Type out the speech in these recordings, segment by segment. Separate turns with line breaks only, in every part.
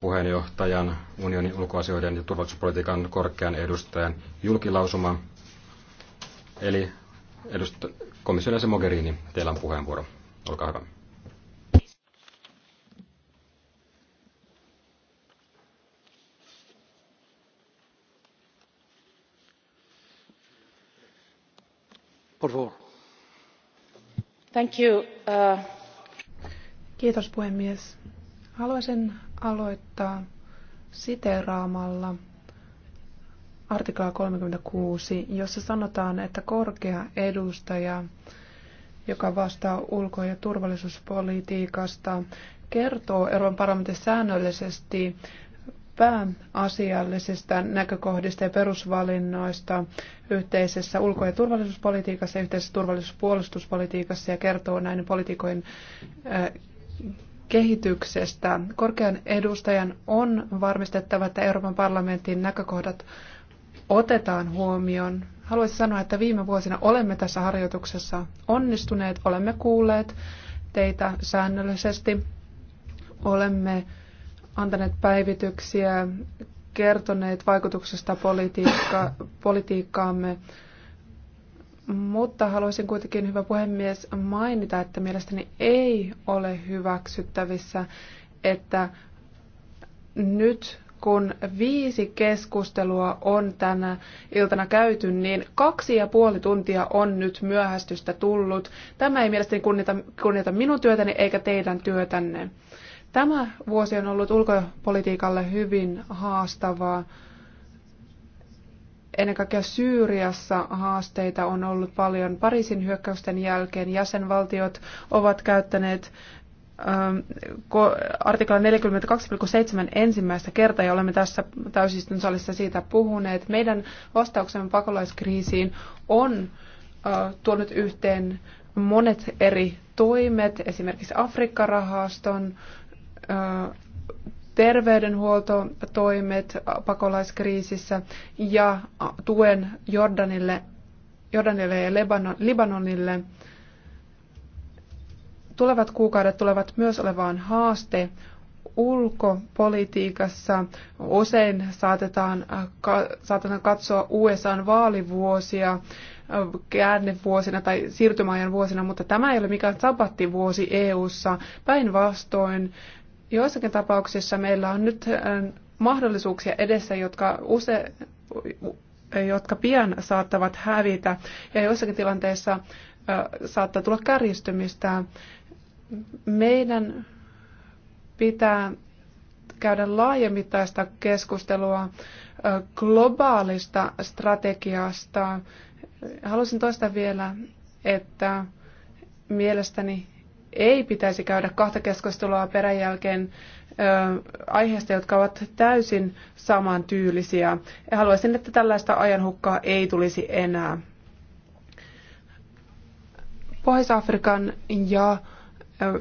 puheenjohtajan, unionin ulkoasioiden ja turvallisuuspolitiikan korkean edustajan julkilausuma. Eli edust- komission jäsen Mogherini, teillä on puheenvuoro. Olkaa hyvä.
Thank you.
Uh... Kiitos puhemies. Haluaisin aloittaa siteraamalla artiklaa 36, jossa sanotaan, että korkea edustaja, joka vastaa ulko- ja turvallisuuspolitiikasta, kertoo Euroopan parlamentin säännöllisesti pääasiallisista näkökohdista ja perusvalinnoista yhteisessä ulko- ja turvallisuuspolitiikassa ja yhteisessä turvallisuuspuolustuspolitiikassa ja ja kertoo näiden politiikojen äh, kehityksestä. Korkean edustajan on varmistettava, että Euroopan parlamentin näkökohdat otetaan huomioon. Haluaisin sanoa, että viime vuosina olemme tässä harjoituksessa onnistuneet, olemme kuulleet teitä säännöllisesti, olemme antaneet päivityksiä, kertoneet vaikutuksesta politiikka, politiikkaamme mutta haluaisin kuitenkin, hyvä puhemies, mainita, että mielestäni ei ole hyväksyttävissä, että nyt kun viisi keskustelua on tänä iltana käyty, niin kaksi ja puoli tuntia on nyt myöhästystä tullut. Tämä ei mielestäni kunnita, kunnita minun työtäni eikä teidän työtänne. Tämä vuosi on ollut ulkopolitiikalle hyvin haastavaa. Ennen kaikkea Syyriassa haasteita on ollut paljon. Pariisin hyökkäysten jälkeen jäsenvaltiot ovat käyttäneet ähm, artikla 42,7 ensimmäistä kertaa, ja olemme tässä täysistön salissa siitä puhuneet. Meidän vastauksemme pakolaiskriisiin on äh, tuonut yhteen monet eri toimet, esimerkiksi Afrikkarahaston, äh, terveydenhuoltotoimet pakolaiskriisissä ja tuen Jordanille, Jordanille ja Libanonille. Tulevat kuukaudet tulevat myös olevaan haaste ulkopolitiikassa. Usein saatetaan, saatetaan katsoa USAn vaalivuosia käännevuosina tai siirtymäajan vuosina, mutta tämä ei ole mikään sabattivuosi EU-ssa. Päinvastoin joissakin tapauksissa meillä on nyt mahdollisuuksia edessä, jotka, use, jotka pian saattavat hävitä ja joissakin tilanteissa saattaa tulla kärjistymistä. Meidän pitää käydä laajemmittaista keskustelua globaalista strategiasta. Haluaisin toistaa vielä, että mielestäni ei pitäisi käydä kahta keskustelua peräjälkeen aiheista, jotka ovat täysin samantyyllisiä. Ja haluaisin, että tällaista ajanhukkaa ei tulisi enää. Pohjois-Afrikan ja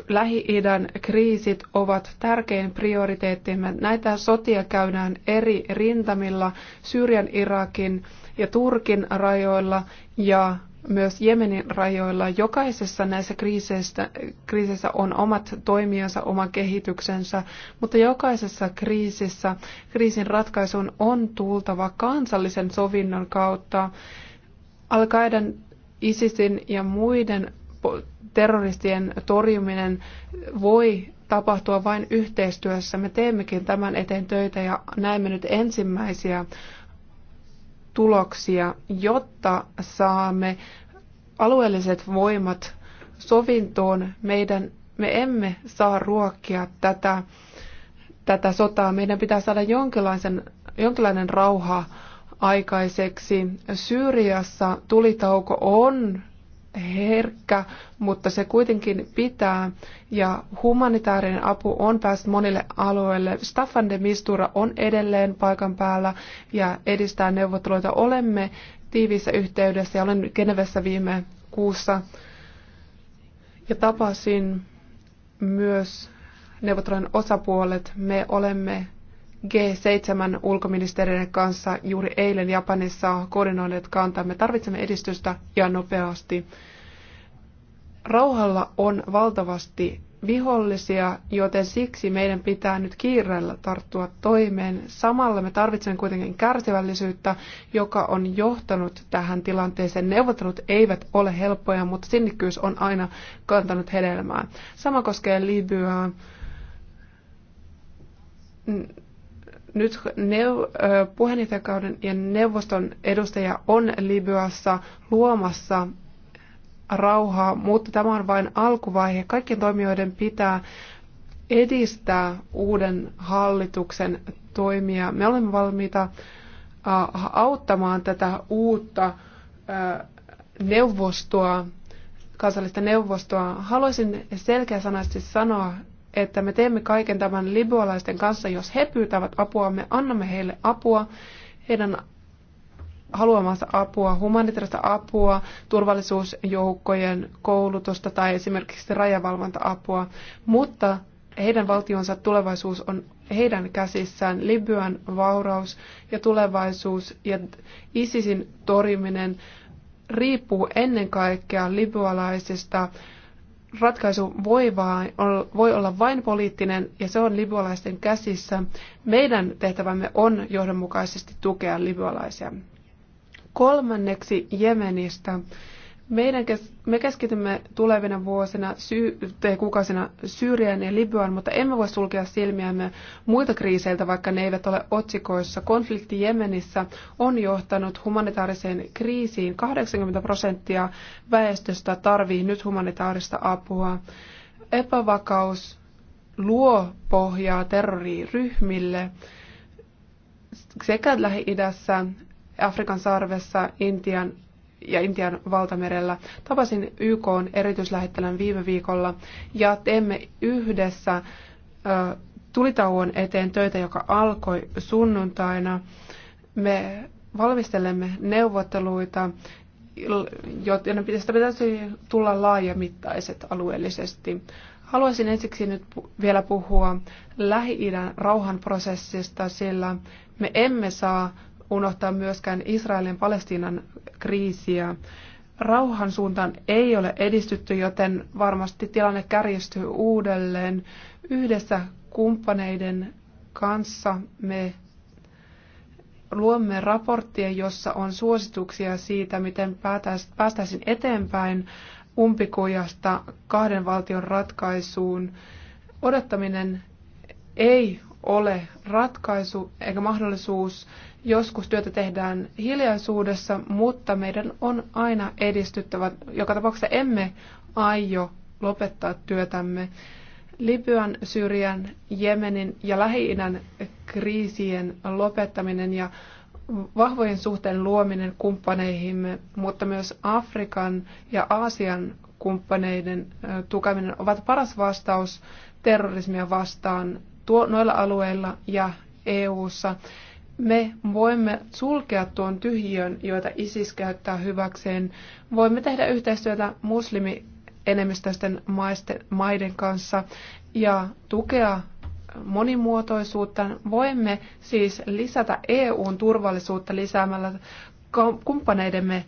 Lähi-idän kriisit ovat tärkein prioriteettimme. Näitä sotia käydään eri rintamilla Syyrian, Irakin ja Turkin rajoilla ja myös Jemenin rajoilla. Jokaisessa näissä kriiseissä, kriiseissä on omat toimijansa, oma kehityksensä, mutta jokaisessa kriisissä kriisin ratkaisun on tultava kansallisen sovinnon kautta. al ISISin ja muiden terroristien torjuminen voi tapahtua vain yhteistyössä. Me teemmekin tämän eteen töitä ja näemme nyt ensimmäisiä tuloksia, jotta saamme alueelliset voimat sovintoon. Meidän, me emme saa ruokkia tätä, tätä sotaa. Meidän pitää saada jonkinlaisen, jonkinlainen rauha aikaiseksi. Syyriassa tulitauko on herkkä, mutta se kuitenkin pitää. Ja humanitaarinen apu on päässyt monille alueille. Staffan de Mistura on edelleen paikan päällä ja edistää neuvotteluita. Olemme tiiviissä yhteydessä ja olen Genevessä viime kuussa ja tapasin myös neuvottelujen osapuolet. Me olemme G7 ulkoministeriöiden kanssa juuri eilen Japanissa koordinoineet kantaa. Me tarvitsemme edistystä ja nopeasti. Rauhalla on valtavasti vihollisia, joten siksi meidän pitää nyt kiireellä tarttua toimeen. Samalla me tarvitsemme kuitenkin kärsivällisyyttä, joka on johtanut tähän tilanteeseen. Neuvottelut eivät ole helppoja, mutta sinnikkyys on aina kantanut hedelmää. Sama koskee Libyaa nyt neu- puheenjohtajakauden ja neuvoston edustaja on Libyassa luomassa rauhaa, mutta tämä on vain alkuvaihe. Kaikkien toimijoiden pitää edistää uuden hallituksen toimia. Me olemme valmiita auttamaan tätä uutta neuvostoa, kansallista neuvostoa. Haluaisin selkeäsanaisesti sanoa, että me teemme kaiken tämän libyalaisten kanssa, jos he pyytävät apua, me annamme heille apua, heidän haluamansa apua, humanitaarista apua, turvallisuusjoukkojen koulutusta tai esimerkiksi rajavalvonta-apua, mutta heidän valtionsa tulevaisuus on heidän käsissään. Libyan vauraus ja tulevaisuus ja ISISin toriminen riippuu ennen kaikkea libyalaisista ratkaisu voi, vaan, voi olla vain poliittinen ja se on libyalaisten käsissä. Meidän tehtävämme on johdonmukaisesti tukea libyalaisia. Kolmanneksi Jemenistä. Meidän kes- me keskitymme tulevina vuosina sy- tai kuukausina Syyriaan ja Libyaan, mutta emme voi sulkea silmiämme muilta kriiseiltä, vaikka ne eivät ole otsikoissa. Konflikti Jemenissä on johtanut humanitaariseen kriisiin. 80 prosenttia väestöstä tarvii nyt humanitaarista apua. Epävakaus luo pohjaa terroriryhmille sekä Lähi-idässä, Afrikan sarvessa, Intian ja Intian valtamerellä. Tapasin YK erityislähettilän viime viikolla ja teemme yhdessä tulitauon eteen töitä, joka alkoi sunnuntaina. Me valmistelemme neuvotteluita, joten pitäisi pitäisi tulla laajamittaiset alueellisesti. Haluaisin ensiksi nyt vielä puhua Lähi-idän rauhanprosessista, sillä me emme saa unohtaa myöskään Israelin Palestiinan kriisiä. Rauhan suuntaan ei ole edistytty, joten varmasti tilanne kärjistyy uudelleen. Yhdessä kumppaneiden kanssa me luomme raporttia, jossa on suosituksia siitä, miten päästäisiin eteenpäin umpikujasta kahden valtion ratkaisuun. Odottaminen ei ole ratkaisu eikä mahdollisuus. Joskus työtä tehdään hiljaisuudessa, mutta meidän on aina edistyttävä. Joka tapauksessa emme aio lopettaa työtämme. Libyan, Syyrian, Jemenin ja lähi kriisien lopettaminen ja vahvojen suhteen luominen kumppaneihimme, mutta myös Afrikan ja Aasian kumppaneiden tukeminen ovat paras vastaus terrorismia vastaan noilla alueilla ja EU:ssa me voimme sulkea tuon tyhjön, joita ISIS käyttää hyväkseen. Voimme tehdä yhteistyötä muslimienemmistöisten maiden kanssa ja tukea monimuotoisuutta. Voimme siis lisätä EUn turvallisuutta lisäämällä kumppaneidemme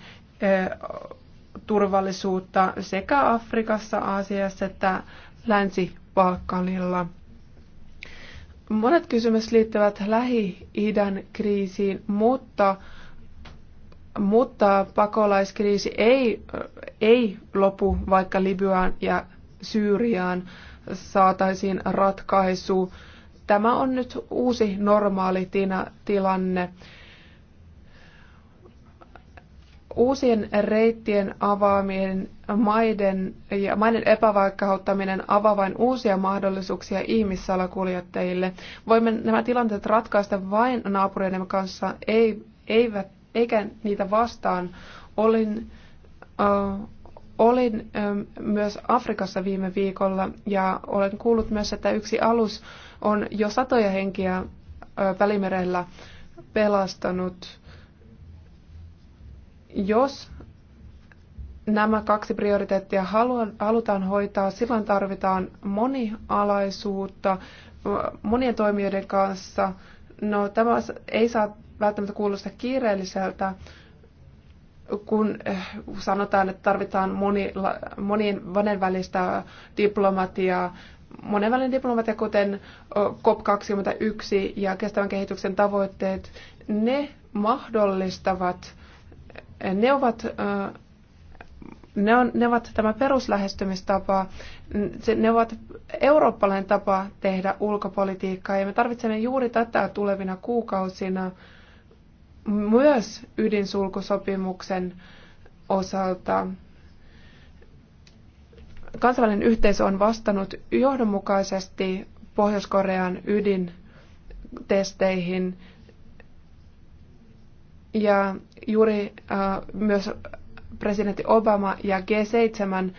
turvallisuutta sekä Afrikassa, Aasiassa että Länsi-Balkanilla. Monet kysymykset liittyvät Lähi-idän kriisiin, mutta, mutta pakolaiskriisi ei, ei lopu, vaikka Libyaan ja Syyriaan saataisiin ratkaisu. Tämä on nyt uusi normaali tilanne. Uusien reittien avaaminen maiden, ja maiden epävaikkauttaminen avaa vain uusia mahdollisuuksia ihmissalakuljettajille. Voimme nämä tilanteet ratkaista vain naapureiden kanssa, ei, eivät, eikä niitä vastaan. Olin, äh, olin äh, myös Afrikassa viime viikolla ja olen kuullut myös, että yksi alus on jo satoja henkiä äh, Välimerellä pelastanut jos nämä kaksi prioriteettia halutaan hoitaa, silloin tarvitaan monialaisuutta monien toimijoiden kanssa. No, tämä ei saa välttämättä kuulosta kiireelliseltä, kun eh, sanotaan, että tarvitaan moni, monien välistä diplomatiaa, monenvälinen diplomatia, kuten COP21 ja kestävän kehityksen tavoitteet, ne mahdollistavat ne ovat, ne, on, ne ovat tämä peruslähestymistapa, ne ovat eurooppalainen tapa tehdä ulkopolitiikkaa ja me tarvitsemme juuri tätä tulevina kuukausina myös ydinsulkusopimuksen osalta. Kansainvälinen yhteisö on vastannut johdonmukaisesti Pohjois-Korean ydintesteihin. Ja juuri äh, myös presidentti Obama ja G7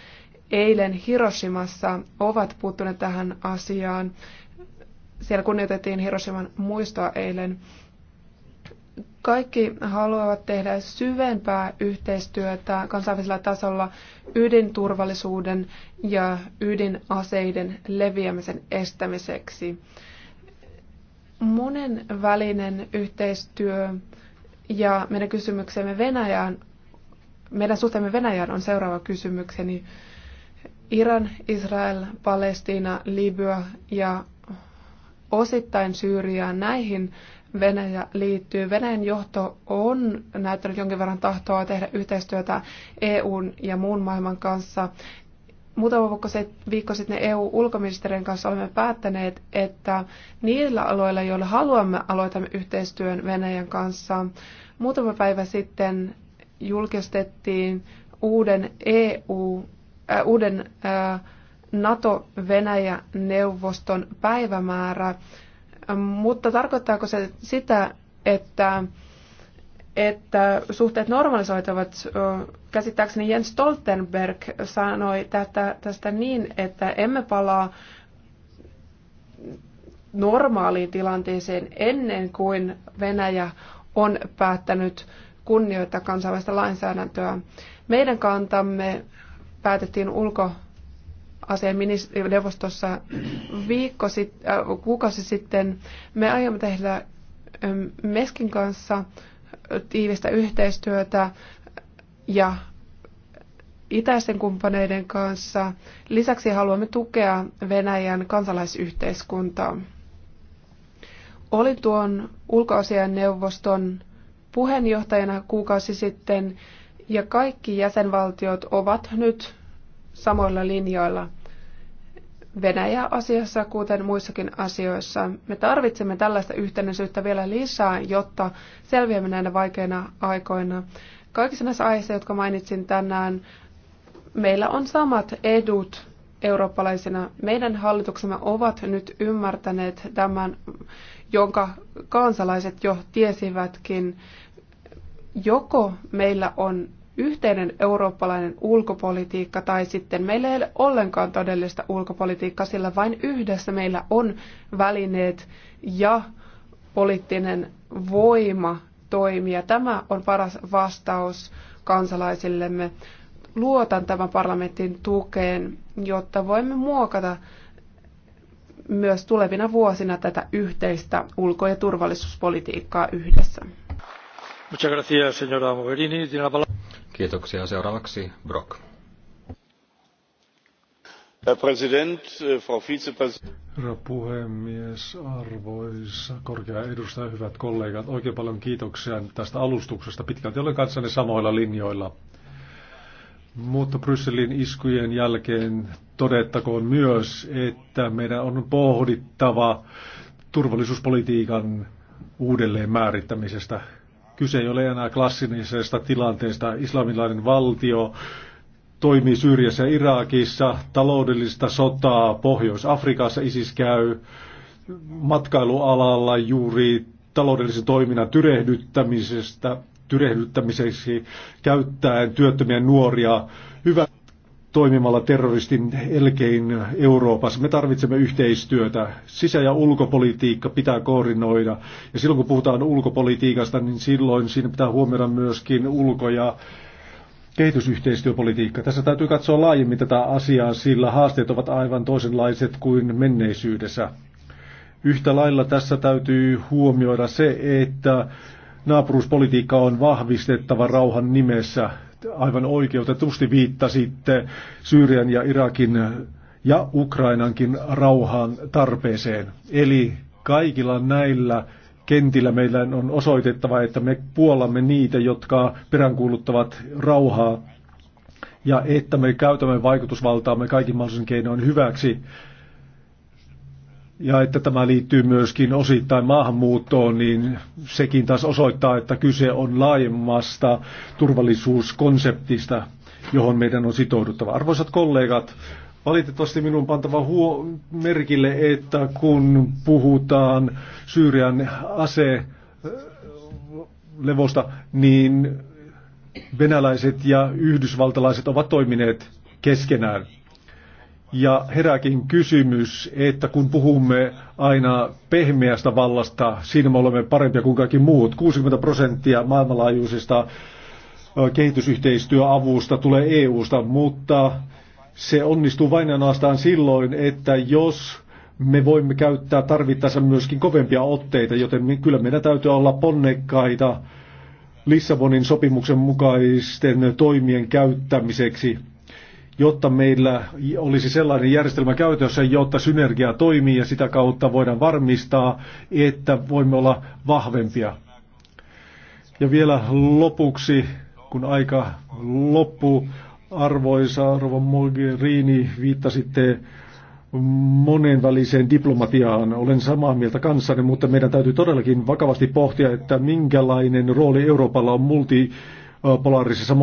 eilen Hiroshimassa ovat puuttuneet tähän asiaan. Siellä kunnioitettiin Hiroshiman muistoa eilen. Kaikki haluavat tehdä syvempää yhteistyötä kansainvälisellä tasolla ydinturvallisuuden ja ydinaseiden leviämisen estämiseksi. Monen välinen yhteistyö ja meidän kysymyksemme Venäjään, meidän suhteemme Venäjään on seuraava kysymykseni. Iran, Israel, Palestiina, Libya ja osittain Syyriaa näihin Venäjä liittyy. Venäjän johto on näyttänyt jonkin verran tahtoa tehdä yhteistyötä EUn ja muun maailman kanssa muutama viikko sitten eu ulkoministerien kanssa olemme päättäneet, että niillä aloilla, joilla haluamme aloitamme yhteistyön Venäjän kanssa, muutama päivä sitten julkistettiin uuden EU, äh, uuden äh, NATO-Venäjä-neuvoston päivämäärä, mutta tarkoittaako se sitä, että että suhteet normalisoituvat. Käsittääkseni Jens Stoltenberg sanoi tästä tästä niin, että emme palaa normaaliin tilanteeseen ennen kuin Venäjä on päättänyt kunnioittaa kansainvälistä lainsäädäntöä. Meidän kantamme päätettiin ulkoasianneuvostossa viikko sit, äh, kuukausi sitten. Me aiomme tehdä ähm, Meskin kanssa tiivistä yhteistyötä ja itäisten kumppaneiden kanssa. Lisäksi haluamme tukea Venäjän kansalaisyhteiskuntaa. Olin tuon ulkoasian neuvoston puheenjohtajana kuukausi sitten ja kaikki jäsenvaltiot ovat nyt samoilla linjoilla. Venäjä-asiassa, kuten muissakin asioissa. Me tarvitsemme tällaista yhtenäisyyttä vielä lisää, jotta selviämme näinä vaikeina aikoina. Kaikissa näissä aiheissa, jotka mainitsin tänään, meillä on samat edut eurooppalaisina. Meidän hallituksemme ovat nyt ymmärtäneet tämän, jonka kansalaiset jo tiesivätkin. Joko meillä on yhteinen eurooppalainen ulkopolitiikka tai sitten meillä ei ole ollenkaan todellista ulkopolitiikkaa, sillä vain yhdessä meillä on välineet ja poliittinen voima toimia. Tämä on paras vastaus kansalaisillemme. Luotan tämän parlamentin tukeen, jotta voimme muokata myös tulevina vuosina tätä yhteistä ulko- ja turvallisuuspolitiikkaa yhdessä.
Muchas gracias, señora Mogherini.
Kiitoksia. Seuraavaksi Brock. Äh,
Herra puhemies, arvoisa korkea edustaja, hyvät kollegat, oikein paljon kiitoksia tästä alustuksesta. Pitkälti olen kanssanne samoilla linjoilla. Mutta Brysselin iskujen jälkeen todettakoon myös, että meidän on pohdittava turvallisuuspolitiikan uudelleen määrittämisestä Kyse ei ole enää klassisesta tilanteesta. Islamilainen valtio toimii Syyriassa ja Irakissa, taloudellista sotaa Pohjois-Afrikassa ISIS käy, matkailualalla juuri taloudellisen toiminnan tyrehdyttämisestä, tyrehdyttämiseksi käyttäen työttömiä nuoria hyvä toimimalla terroristin elkein Euroopassa. Me tarvitsemme yhteistyötä. Sisä- ja ulkopolitiikka pitää koordinoida. Ja silloin kun puhutaan ulkopolitiikasta, niin silloin siinä pitää huomioida myöskin ulko- ja kehitysyhteistyöpolitiikka. Tässä täytyy katsoa laajemmin tätä asiaa, sillä haasteet ovat aivan toisenlaiset kuin menneisyydessä. Yhtä lailla tässä täytyy huomioida se, että naapuruuspolitiikka on vahvistettava rauhan nimessä aivan oikeutetusti viittasitte Syyrian ja Irakin ja Ukrainankin rauhaan tarpeeseen. Eli kaikilla näillä kentillä meillä on osoitettava, että me puolamme niitä, jotka peräänkuuluttavat rauhaa ja että me käytämme vaikutusvaltaamme kaikin mahdollisen keinoin hyväksi ja että tämä liittyy myöskin osittain maahanmuuttoon, niin sekin taas osoittaa, että kyse on laajemmasta turvallisuuskonseptista, johon meidän on sitouduttava. Arvoisat kollegat, valitettavasti minun pantava huo- merkille, että kun puhutaan Syyrian ase levosta, niin venäläiset ja yhdysvaltalaiset ovat toimineet keskenään. Ja herääkin kysymys, että kun puhumme aina pehmeästä vallasta, siinä me olemme parempia kuin kaikki muut. 60 prosenttia maailmanlaajuisesta kehitysyhteistyöavusta tulee EUsta, mutta se onnistuu vain ainoastaan silloin, että jos me voimme käyttää tarvittaessa myöskin kovempia otteita, joten me, kyllä meidän täytyy olla ponnekkaita Lissabonin sopimuksen mukaisten toimien käyttämiseksi jotta meillä olisi sellainen järjestelmä käytössä, jotta synergia toimii ja sitä kautta voidaan varmistaa, että voimme olla vahvempia. Ja vielä lopuksi, kun aika loppuu, arvoisa Rova Mogherini, viittasitte monenväliseen diplomatiaan. Olen samaa mieltä kanssanne, mutta meidän täytyy todellakin vakavasti pohtia, että minkälainen rooli Euroopalla on multi polaarisessa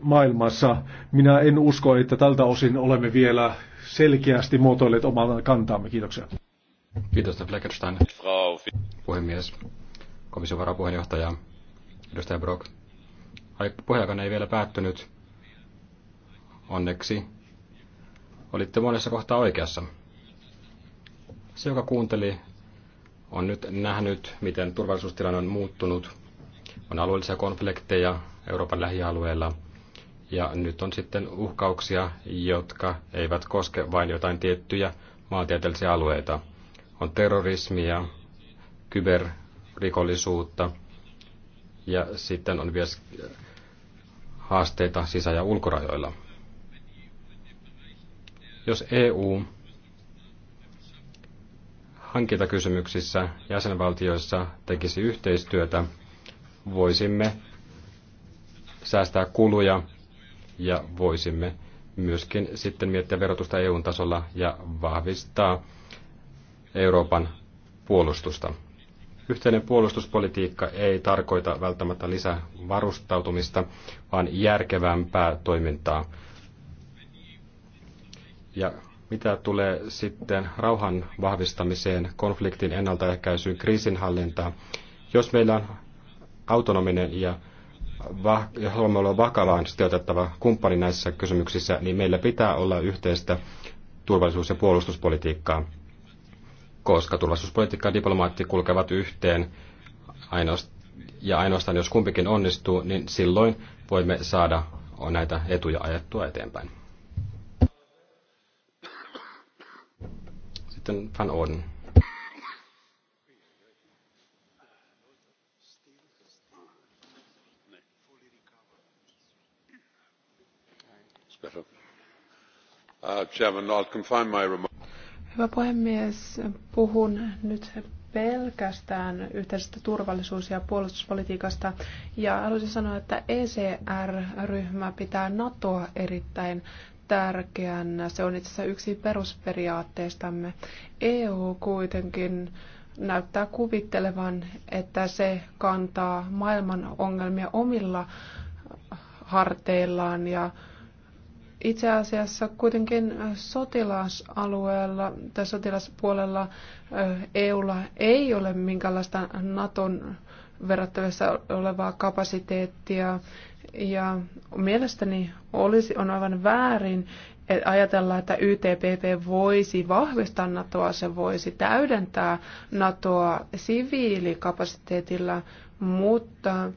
maailmassa. Minä en usko, että tältä osin olemme vielä selkeästi muotoilleet omaa kantaamme. Kiitoksia.
Kiitos, Fleckerstein. Puhemies, komission varapuheenjohtaja, edustaja Brock. Puheenjohtaja ei vielä päättynyt. Onneksi olitte monessa kohtaa oikeassa. Se, joka kuunteli, on nyt nähnyt, miten turvallisuustilanne on muuttunut. On alueellisia konflikteja, Euroopan lähialueella. Ja nyt on sitten uhkauksia, jotka eivät koske vain jotain tiettyjä maantieteellisiä alueita. On terrorismia, kyberrikollisuutta ja sitten on myös haasteita sisä- ja ulkorajoilla. Jos EU hankintakysymyksissä jäsenvaltioissa tekisi yhteistyötä, voisimme säästää kuluja ja voisimme myöskin sitten miettiä verotusta eu tasolla ja vahvistaa Euroopan puolustusta. Yhteinen puolustuspolitiikka ei tarkoita välttämättä lisävarustautumista, vaan järkevämpää toimintaa. Ja mitä tulee sitten rauhan vahvistamiseen, konfliktin ennaltaehkäisyyn, kriisinhallintaan, jos meillä on autonominen ja ja haluamme olla vakavaan sijoitettava kumppani näissä kysymyksissä, niin meillä pitää olla yhteistä turvallisuus- ja puolustuspolitiikkaa, koska turvallisuuspolitiikka ja diplomaatti kulkevat yhteen ainoastaan ja ainoastaan jos kumpikin onnistuu, niin silloin voimme saada näitä etuja ajettua eteenpäin. Sitten Van Orden.
Uh,
Hyvä puhemies, puhun nyt pelkästään yhteisestä turvallisuus- ja puolustuspolitiikasta. Ja haluaisin sanoa, että ECR-ryhmä pitää NATOa erittäin tärkeänä. Se on itse asiassa yksi perusperiaatteistamme. EU kuitenkin näyttää kuvittelevan, että se kantaa maailman ongelmia omilla harteillaan ja itse asiassa kuitenkin sotilasalueella tai sotilaspuolella EUlla ei ole minkäänlaista Naton verrattavissa olevaa kapasiteettia. Ja mielestäni olisi, on aivan väärin e-, ajatella, että YTPP voisi vahvistaa NATOa, se voisi täydentää NATOa siviilikapasiteetilla, mutta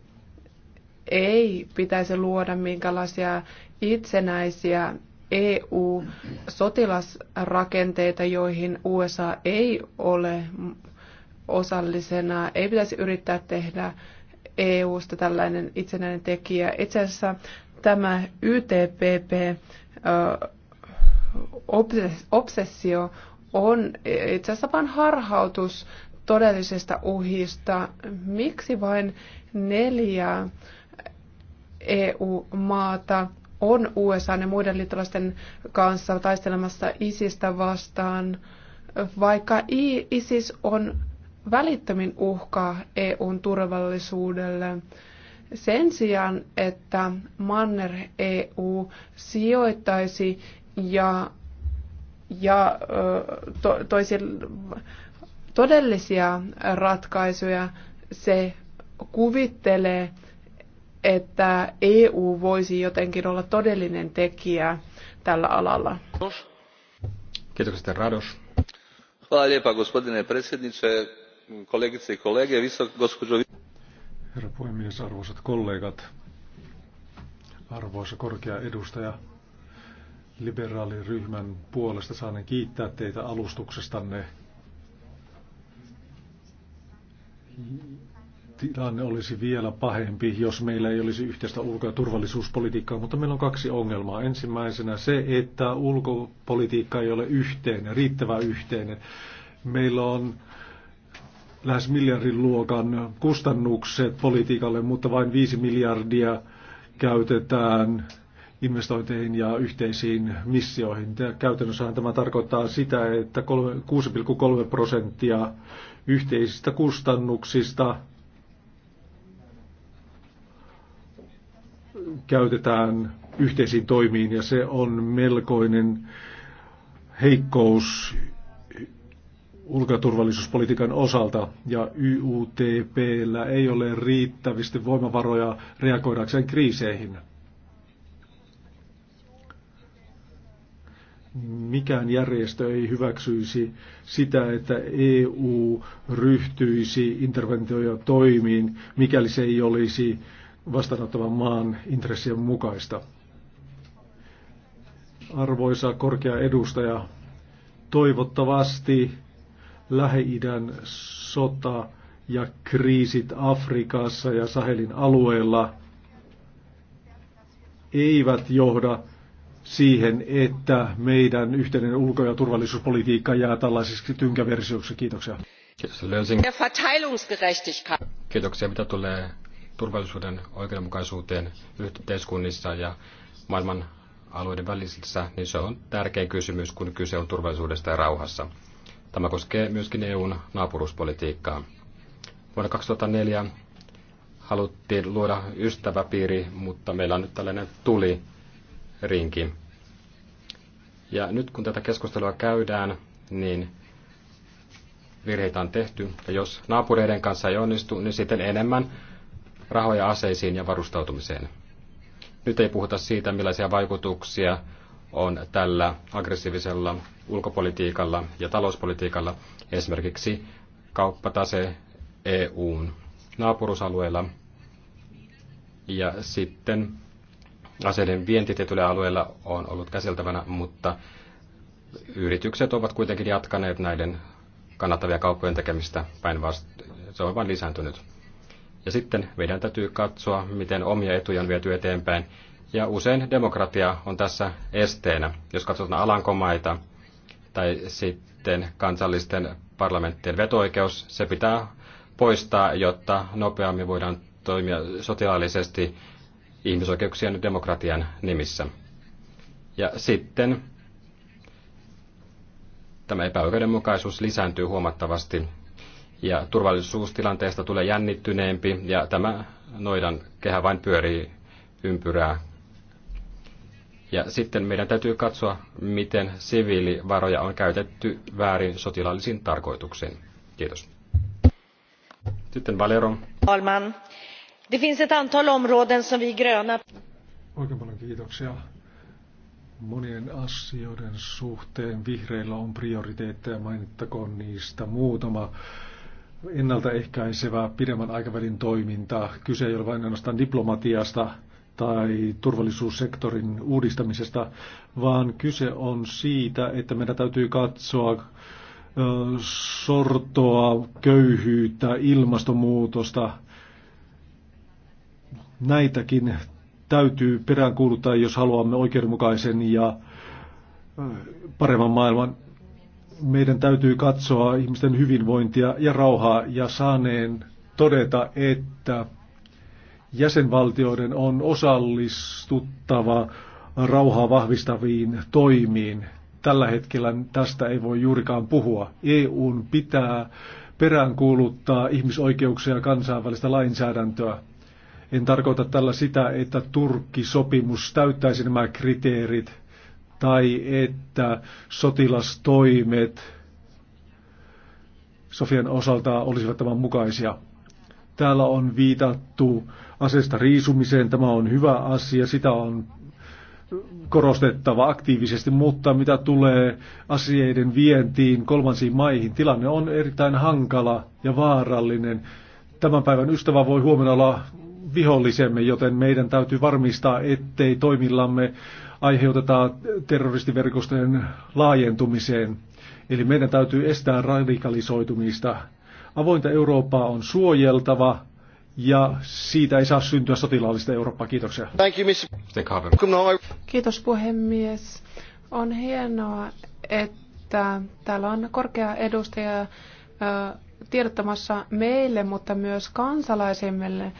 ei pitäisi luoda minkälaisia itsenäisiä EU-sotilasrakenteita, joihin USA ei ole osallisena. Ei pitäisi yrittää tehdä EUsta tällainen itsenäinen tekijä. Itse asiassa tämä YTPP obsessio on itse asiassa vain harhautus todellisesta uhista. Miksi vain neljä EU-maata on USA ja muiden liittolaisten kanssa taistelemassa ISIStä vastaan, vaikka ISIS on välittömin uhka EUn turvallisuudelle. Sen sijaan, että Manner EU sijoittaisi ja, ja to, toisi todellisia ratkaisuja, se kuvittelee, että EU voisi jotenkin olla todellinen tekijä tällä alalla.
Kiitoksia, Rados.
Hvala lijepa, gospodine predsjedniče, kolegice i kolege,
visok, gospođo... Herra puhemies, arvoisat kollegat, arvoisa korkea edustaja, liberaaliryhmän puolesta saanen kiittää teitä alustuksestanne tilanne olisi vielä pahempi, jos meillä ei olisi yhteistä ulko- ja turvallisuuspolitiikkaa, mutta meillä on kaksi ongelmaa. Ensimmäisenä se, että ulkopolitiikka ei ole yhteinen, riittävä yhteinen. Meillä on lähes miljardin luokan kustannukset politiikalle, mutta vain viisi miljardia käytetään investointeihin ja yhteisiin missioihin. Käytännössähän tämä tarkoittaa sitä, että 6,3 prosenttia yhteisistä kustannuksista käytetään yhteisiin toimiin ja se on melkoinen heikkous ulkoturvallisuuspolitiikan osalta ja YUTPllä ei ole riittävästi voimavaroja reagoidakseen kriiseihin. Mikään järjestö ei hyväksyisi sitä, että EU ryhtyisi interventioja toimiin, mikäli se ei olisi vastaanottavan maan intressien mukaista. Arvoisa korkea edustaja, toivottavasti Lähi-idän sota ja kriisit Afrikassa ja Sahelin alueella eivät johda siihen, että meidän yhteinen ulko- ja turvallisuuspolitiikka jää tällaisiksi tynkäversioksi. Kiitoksia. Kiitos,
Kiitoksia, mitä tulee turvallisuuden oikeudenmukaisuuteen yhteiskunnissa ja maailman alueiden välisissä, niin se on tärkein kysymys, kun kyse on turvallisuudesta ja rauhassa. Tämä koskee myöskin EUn naapuruuspolitiikkaa. Vuonna 2004 haluttiin luoda ystäväpiiri, mutta meillä on nyt tällainen tulirinki. Ja nyt kun tätä keskustelua käydään, niin virheitä on tehty. Ja jos naapureiden kanssa ei onnistu, niin sitten enemmän rahoja aseisiin ja varustautumiseen. Nyt ei puhuta siitä, millaisia vaikutuksia on tällä aggressiivisella ulkopolitiikalla ja talouspolitiikalla esimerkiksi kauppatase EUn naapurusalueella ja sitten aseiden vienti tietyillä alueilla on ollut käsiltävänä, mutta yritykset ovat kuitenkin jatkaneet näiden kannattavia kauppojen tekemistä päinvastoin. Se on vain lisääntynyt. Ja sitten meidän täytyy katsoa, miten omia etuja on viety eteenpäin. Ja usein demokratia on tässä esteenä. Jos katsotaan Alankomaita tai sitten kansallisten parlamenttien vetoikeus, se pitää poistaa, jotta nopeammin voidaan toimia sotilaallisesti ihmisoikeuksien ja demokratian nimissä. Ja sitten tämä epäoikeudenmukaisuus lisääntyy huomattavasti ja turvallisuustilanteesta tulee jännittyneempi ja tämä noidan kehä vain pyörii ympyrää. Ja sitten meidän täytyy katsoa, miten siviilivaroja on käytetty väärin sotilaallisiin tarkoituksiin. Kiitos. Sitten Valero.
Alman. Det finns ett antal områden som vi gröna...
Oikein paljon kiitoksia. Monien asioiden suhteen vihreillä on prioriteetteja, mainittakoon niistä muutama ennaltaehkäisevä pidemmän aikavälin toimintaa. Kyse ei ole vain ainoastaan diplomatiasta tai turvallisuussektorin uudistamisesta, vaan kyse on siitä, että meidän täytyy katsoa sortoa, köyhyyttä, ilmastonmuutosta. Näitäkin täytyy peräänkuuluttaa, jos haluamme oikeudenmukaisen ja paremman maailman meidän täytyy katsoa ihmisten hyvinvointia ja rauhaa ja saaneen todeta, että jäsenvaltioiden on osallistuttava rauhaa vahvistaviin toimiin. Tällä hetkellä tästä ei voi juurikaan puhua. EUn pitää peräänkuuluttaa ihmisoikeuksia ja kansainvälistä lainsäädäntöä. En tarkoita tällä sitä, että Turkki-sopimus täyttäisi nämä kriteerit – tai että sotilastoimet Sofian osalta olisivat tämän mukaisia. Täällä on viitattu aseista riisumiseen. Tämä on hyvä asia. Sitä on korostettava aktiivisesti, mutta mitä tulee asioiden vientiin kolmansiin maihin, tilanne on erittäin hankala ja vaarallinen. Tämän päivän ystävä voi huomenna olla vihollisemme, joten meidän täytyy varmistaa, ettei toimillamme aiheutetaan terroristiverkostojen laajentumiseen. Eli meidän täytyy estää radikalisoitumista. Avointa Eurooppaa on suojeltava ja siitä ei saa syntyä sotilaallista Eurooppaa. Kiitoksia.
Kiitos puhemies. On hienoa, että täällä on korkea edustaja tiedottamassa meille, mutta myös kansalaisemmille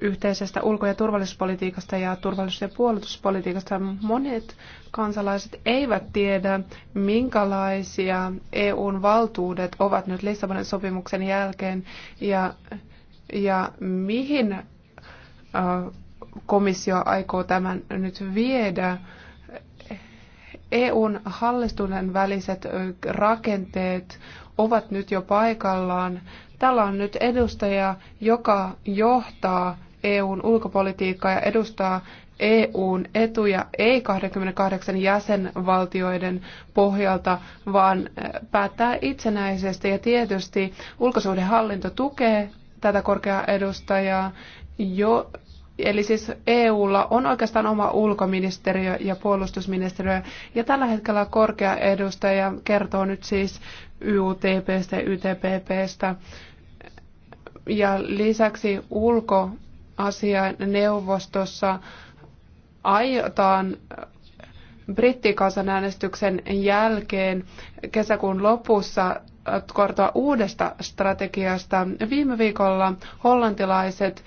yhteisestä ulko- ja turvallisuuspolitiikasta ja turvallisuus- ja puolustuspolitiikasta. Monet kansalaiset eivät tiedä, minkälaisia EUn valtuudet ovat nyt Lissabonin sopimuksen jälkeen ja, ja mihin komissio aikoo tämän nyt viedä. EUn hallitusten väliset rakenteet ovat nyt jo paikallaan. Täällä on nyt edustaja, joka johtaa EUn ulkopolitiikkaa ja edustaa EUn etuja ei 28 jäsenvaltioiden pohjalta, vaan äh, päättää itsenäisesti. Ja tietysti ulkosuhdehallinto tukee tätä korkeaa edustajaa. Jo, eli siis EUlla on oikeastaan oma ulkoministeriö ja puolustusministeriö. Ja tällä hetkellä korkea edustaja kertoo nyt siis YUTPstä ja YTPPstä. Ja lisäksi ulkoasian neuvostossa aiotaan brittikansanäänestyksen jälkeen kesäkuun lopussa kertoa uudesta strategiasta. Viime viikolla hollantilaiset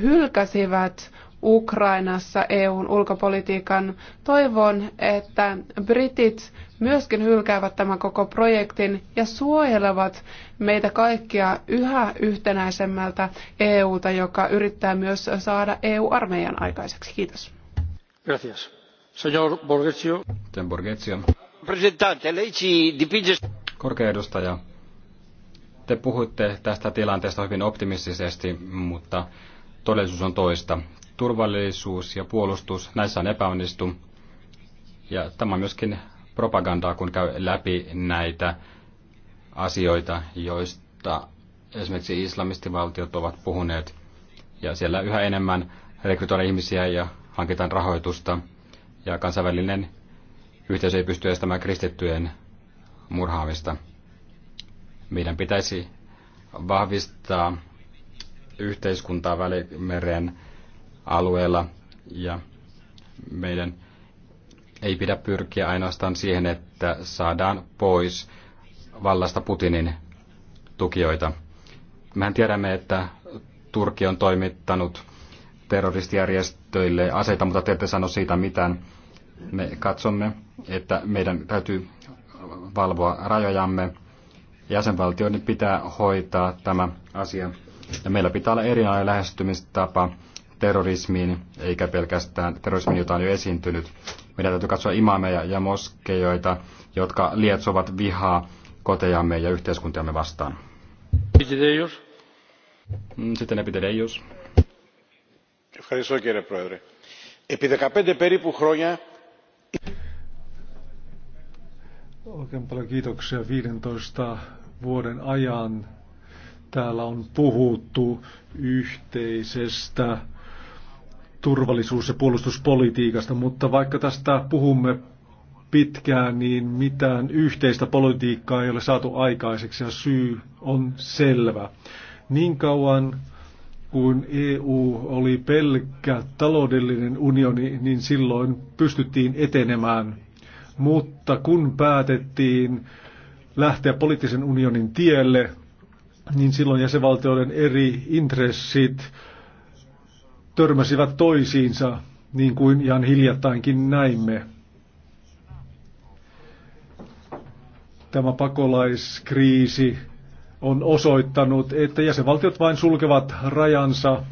hylkäsivät Ukrainassa EUn ulkopolitiikan. Toivon, että britit myöskin hylkäävät tämän koko projektin ja suojelevat meitä kaikkia yhä yhtenäisemmältä EUta, joka yrittää myös saada EU-armeijan aikaiseksi. Kiitos.
Gracias. Señor Borghezio. Ten Borghezio. Presidente, lei ci dipinge... Korkea edustaja, te puhuitte tästä tilanteesta hyvin optimistisesti, mutta todellisuus on toista turvallisuus ja puolustus, näissä on epäonnistu. Ja tämä on myöskin propagandaa, kun käy läpi näitä asioita, joista esimerkiksi islamistivaltiot ovat puhuneet. Ja siellä yhä enemmän rekrytoidaan ihmisiä ja hankitaan rahoitusta. Ja kansainvälinen yhteisö ei pysty estämään kristittyjen murhaamista. Meidän pitäisi vahvistaa yhteiskuntaa Välimeren alueella ja meidän ei pidä pyrkiä ainoastaan siihen, että saadaan pois vallasta Putinin tukijoita. Mehän tiedämme, että Turkki on toimittanut terroristijärjestöille aseita, mutta te ette sano siitä mitään. Me katsomme, että meidän täytyy valvoa rajojamme. Jäsenvaltioiden pitää hoitaa tämä asia. Ja meillä pitää olla erilainen lähestymistapa terrorismiin, eikä pelkästään terrorismiin, jota on jo esiintynyt. Meidän täytyy katsoa imameja ja moskeijoita, jotka lietsovat vihaa kotejamme ja yhteiskuntiamme vastaan. Mm, sitten Epitedeios.
Oikein paljon kiitoksia 15 vuoden ajan. Täällä on puhuttu yhteisestä turvallisuus- ja puolustuspolitiikasta, mutta vaikka tästä puhumme pitkään, niin mitään yhteistä politiikkaa ei ole saatu aikaiseksi ja syy on selvä. Niin kauan kun EU oli pelkkä taloudellinen unioni, niin silloin pystyttiin etenemään. Mutta kun päätettiin lähteä poliittisen unionin tielle, niin silloin jäsenvaltioiden eri intressit törmäsivät toisiinsa, niin kuin ihan hiljattainkin näimme. Tämä pakolaiskriisi on osoittanut, että jäsenvaltiot vain sulkevat rajansa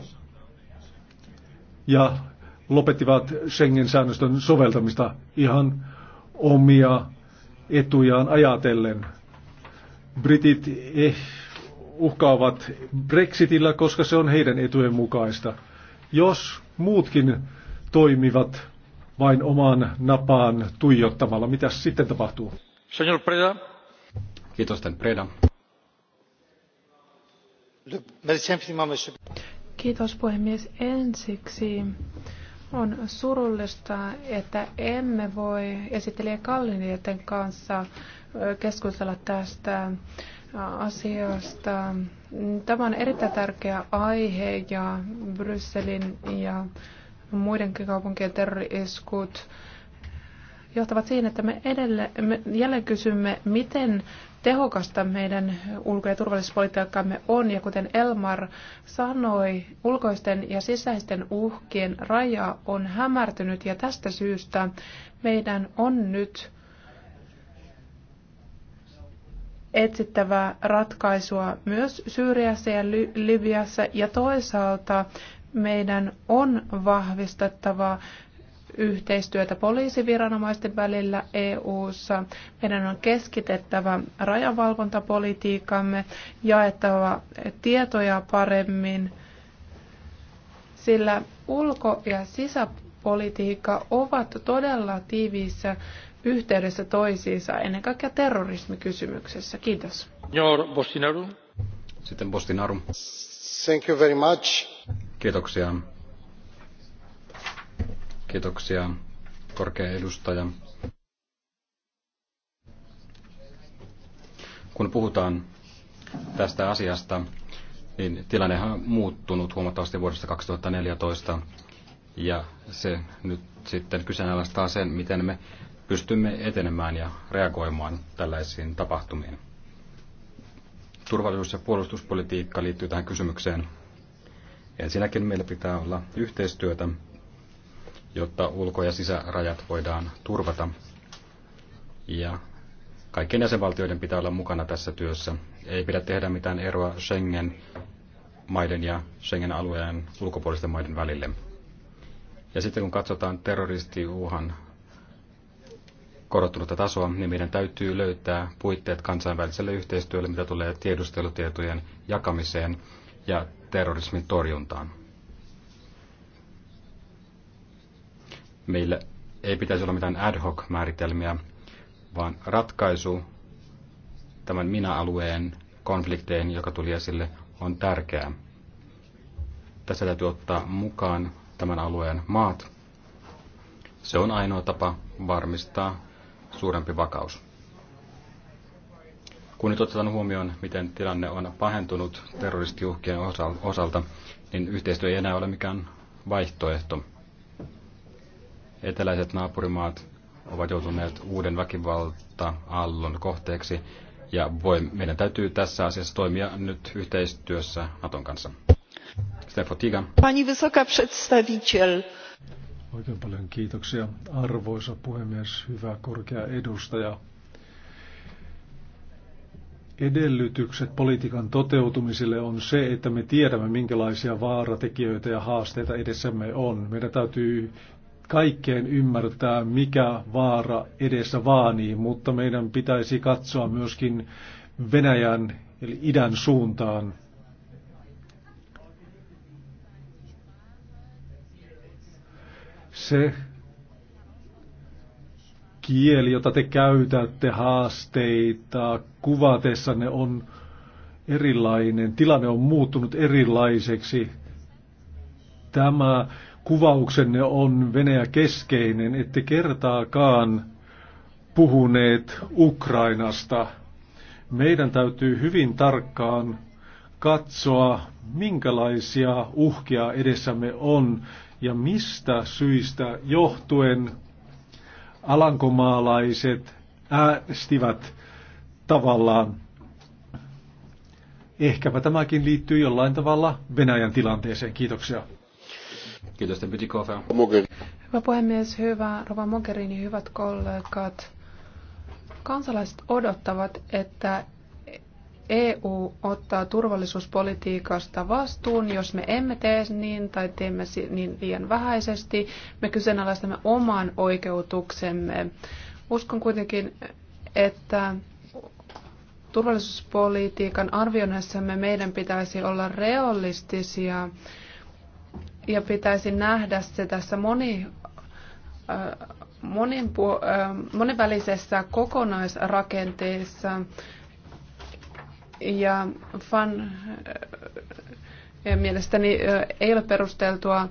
ja lopettivat Schengen-säännöstön soveltamista ihan omia etujaan ajatellen. Britit eh, uhkaavat Brexitillä, koska se on heidän etujen mukaista jos muutkin toimivat vain omaan napaan tuijottamalla, mitä sitten tapahtuu?
Señor Preda. Kiitos, Ten Preda.
Kiitos puhemies. Ensiksi on surullista, että emme voi esittelijä Kallinietten kanssa keskustella tästä asiasta. Tämä on erittäin tärkeä aihe ja Brysselin ja muidenkin kaupunkien terroriskut johtavat siihen, että me, edelle, me jälleen kysymme, miten tehokasta meidän ulko- ja turvallisuuspolitiikkaamme on. Ja kuten Elmar sanoi, ulkoisten ja sisäisten uhkien raja on hämärtynyt ja tästä syystä meidän on nyt etsittävä ratkaisua myös Syyriassa ja Libyassa ja toisaalta meidän on vahvistettava yhteistyötä poliisiviranomaisten välillä EU:ssa. Meidän on keskitettävä rajavalvontapolitiikkamme, jaettava tietoja paremmin, sillä ulko- ja sisäpolitiikka ovat todella tiiviissä yhteydessä toisiinsa, ennen kaikkea terrorismikysymyksessä. Kiitos.
Bostinaru. Sitten Bostinaru.
Thank you very much.
Kiitoksia. Kiitoksia, korkea edustaja. Kun puhutaan tästä asiasta, niin tilannehan on muuttunut huomattavasti vuodesta 2014, ja se nyt sitten kyseenalaistaa sen, miten me pystymme etenemään ja reagoimaan tällaisiin tapahtumiin. Turvallisuus- ja puolustuspolitiikka liittyy tähän kysymykseen. Ensinnäkin meillä pitää olla yhteistyötä, jotta ulko- ja sisärajat voidaan turvata. Ja kaikkien jäsenvaltioiden pitää olla mukana tässä työssä. Ei pidä tehdä mitään eroa Schengen-maiden ja Schengen-alueen ulkopuolisten maiden välille. Ja sitten kun katsotaan terroristiuhan korottunutta tasoa, niin meidän täytyy löytää puitteet kansainväliselle yhteistyölle, mitä tulee tiedustelutietojen jakamiseen ja terrorismin torjuntaan. Meillä ei pitäisi olla mitään ad hoc määritelmiä, vaan ratkaisu tämän minä-alueen konflikteihin, joka tuli esille, on tärkeää. Tässä täytyy ottaa mukaan tämän alueen maat. Se on ainoa tapa varmistaa suurempi vakaus. Kun nyt otetaan huomioon, miten tilanne on pahentunut terroristiuhkien osalta, niin yhteistyö ei enää ole mikään vaihtoehto. Eteläiset naapurimaat ovat joutuneet uuden väkivalta-aallon kohteeksi, ja voi, meidän täytyy tässä asiassa toimia nyt yhteistyössä Naton kanssa. Stefan Tiga.
Pani wysoka przedstawiciel. Oikein paljon kiitoksia, arvoisa puhemies, hyvä korkea edustaja. Edellytykset politiikan toteutumiselle on se, että me tiedämme, minkälaisia vaaratekijöitä ja haasteita edessämme on. Meidän täytyy kaikkeen ymmärtää, mikä vaara edessä vaanii, mutta meidän pitäisi katsoa myöskin Venäjän eli idän suuntaan. se kieli, jota te käytätte haasteita kuvatessa ne on erilainen. Tilanne on muuttunut erilaiseksi. Tämä kuvauksenne on Venäjä keskeinen, ette kertaakaan puhuneet Ukrainasta. Meidän täytyy hyvin tarkkaan katsoa, minkälaisia uhkia edessämme on ja mistä syistä johtuen alankomaalaiset äänestivät tavallaan. Ehkäpä tämäkin liittyy jollain tavalla Venäjän tilanteeseen. Kiitoksia. Kiitos, Pytikofer.
Hyvä puhemies, hyvä Rova Mogherini, hyvät kollegat. Kansalaiset odottavat, että EU ottaa turvallisuuspolitiikasta vastuun. Jos me emme tee niin tai teemme niin liian vähäisesti, me kyseenalaistamme oman oikeutuksemme. Uskon kuitenkin, että turvallisuuspolitiikan arvioinnissamme meidän pitäisi olla realistisia ja pitäisi nähdä se tässä moni, monipu, monivälisessä kokonaisrakenteessa ja fan, eh, mielestäni eh, ei ole perusteltua,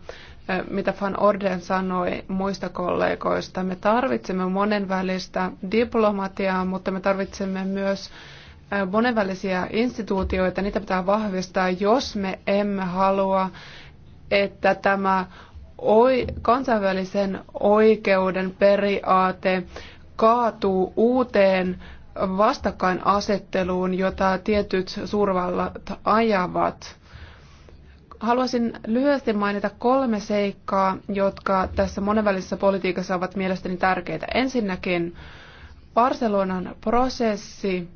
eh, mitä Van Orden sanoi muista kollegoista. Me tarvitsemme monenvälistä diplomatiaa, mutta me tarvitsemme myös monenvälisiä instituutioita. Niitä pitää vahvistaa, jos me emme halua, että tämä kansainvälisen oikeuden periaate kaatuu uuteen vastakkainasetteluun, jota tietyt suurvallat ajavat. Haluaisin lyhyesti mainita kolme seikkaa, jotka tässä monenvälisessä politiikassa ovat mielestäni tärkeitä. Ensinnäkin Barcelonan prosessi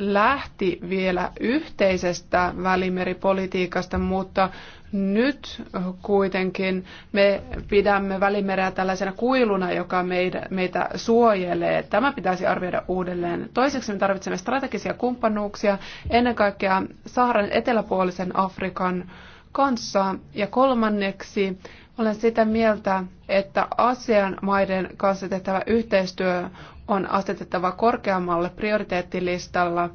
lähti vielä yhteisestä välimeripolitiikasta, mutta nyt kuitenkin me pidämme välimerää tällaisena kuiluna, joka meitä, suojelee. Tämä pitäisi arvioida uudelleen. Toiseksi me tarvitsemme strategisia kumppanuuksia ennen kaikkea Saharan eteläpuolisen Afrikan kanssa. Ja kolmanneksi olen sitä mieltä, että ASEAN maiden kanssa tehtävä yhteistyö on asetettava korkeammalle prioriteettilistalla.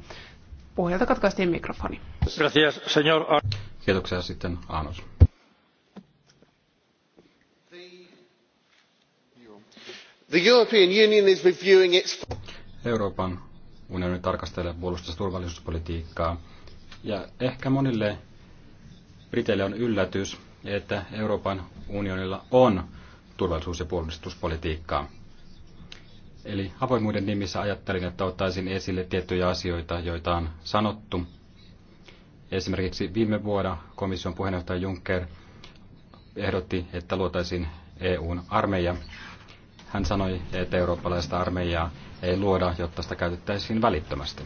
Puhelta katkaistiin mikrofoni.
Gracias,
señor. Kiitoksia sitten Aanos. The European Union is reviewing its... Euroopan unioni tarkastelee puolustus- ja turvallisuuspolitiikkaa. Ja ehkä monille Briteille on yllätys, että Euroopan unionilla on turvallisuus- ja puolustuspolitiikkaa. Eli avoimuuden nimissä ajattelin, että ottaisin esille tiettyjä asioita, joita on sanottu. Esimerkiksi viime vuonna komission puheenjohtaja Juncker ehdotti, että luotaisiin EUn armeija. Hän sanoi, että eurooppalaista armeijaa ei luoda, jotta sitä käytettäisiin välittömästi.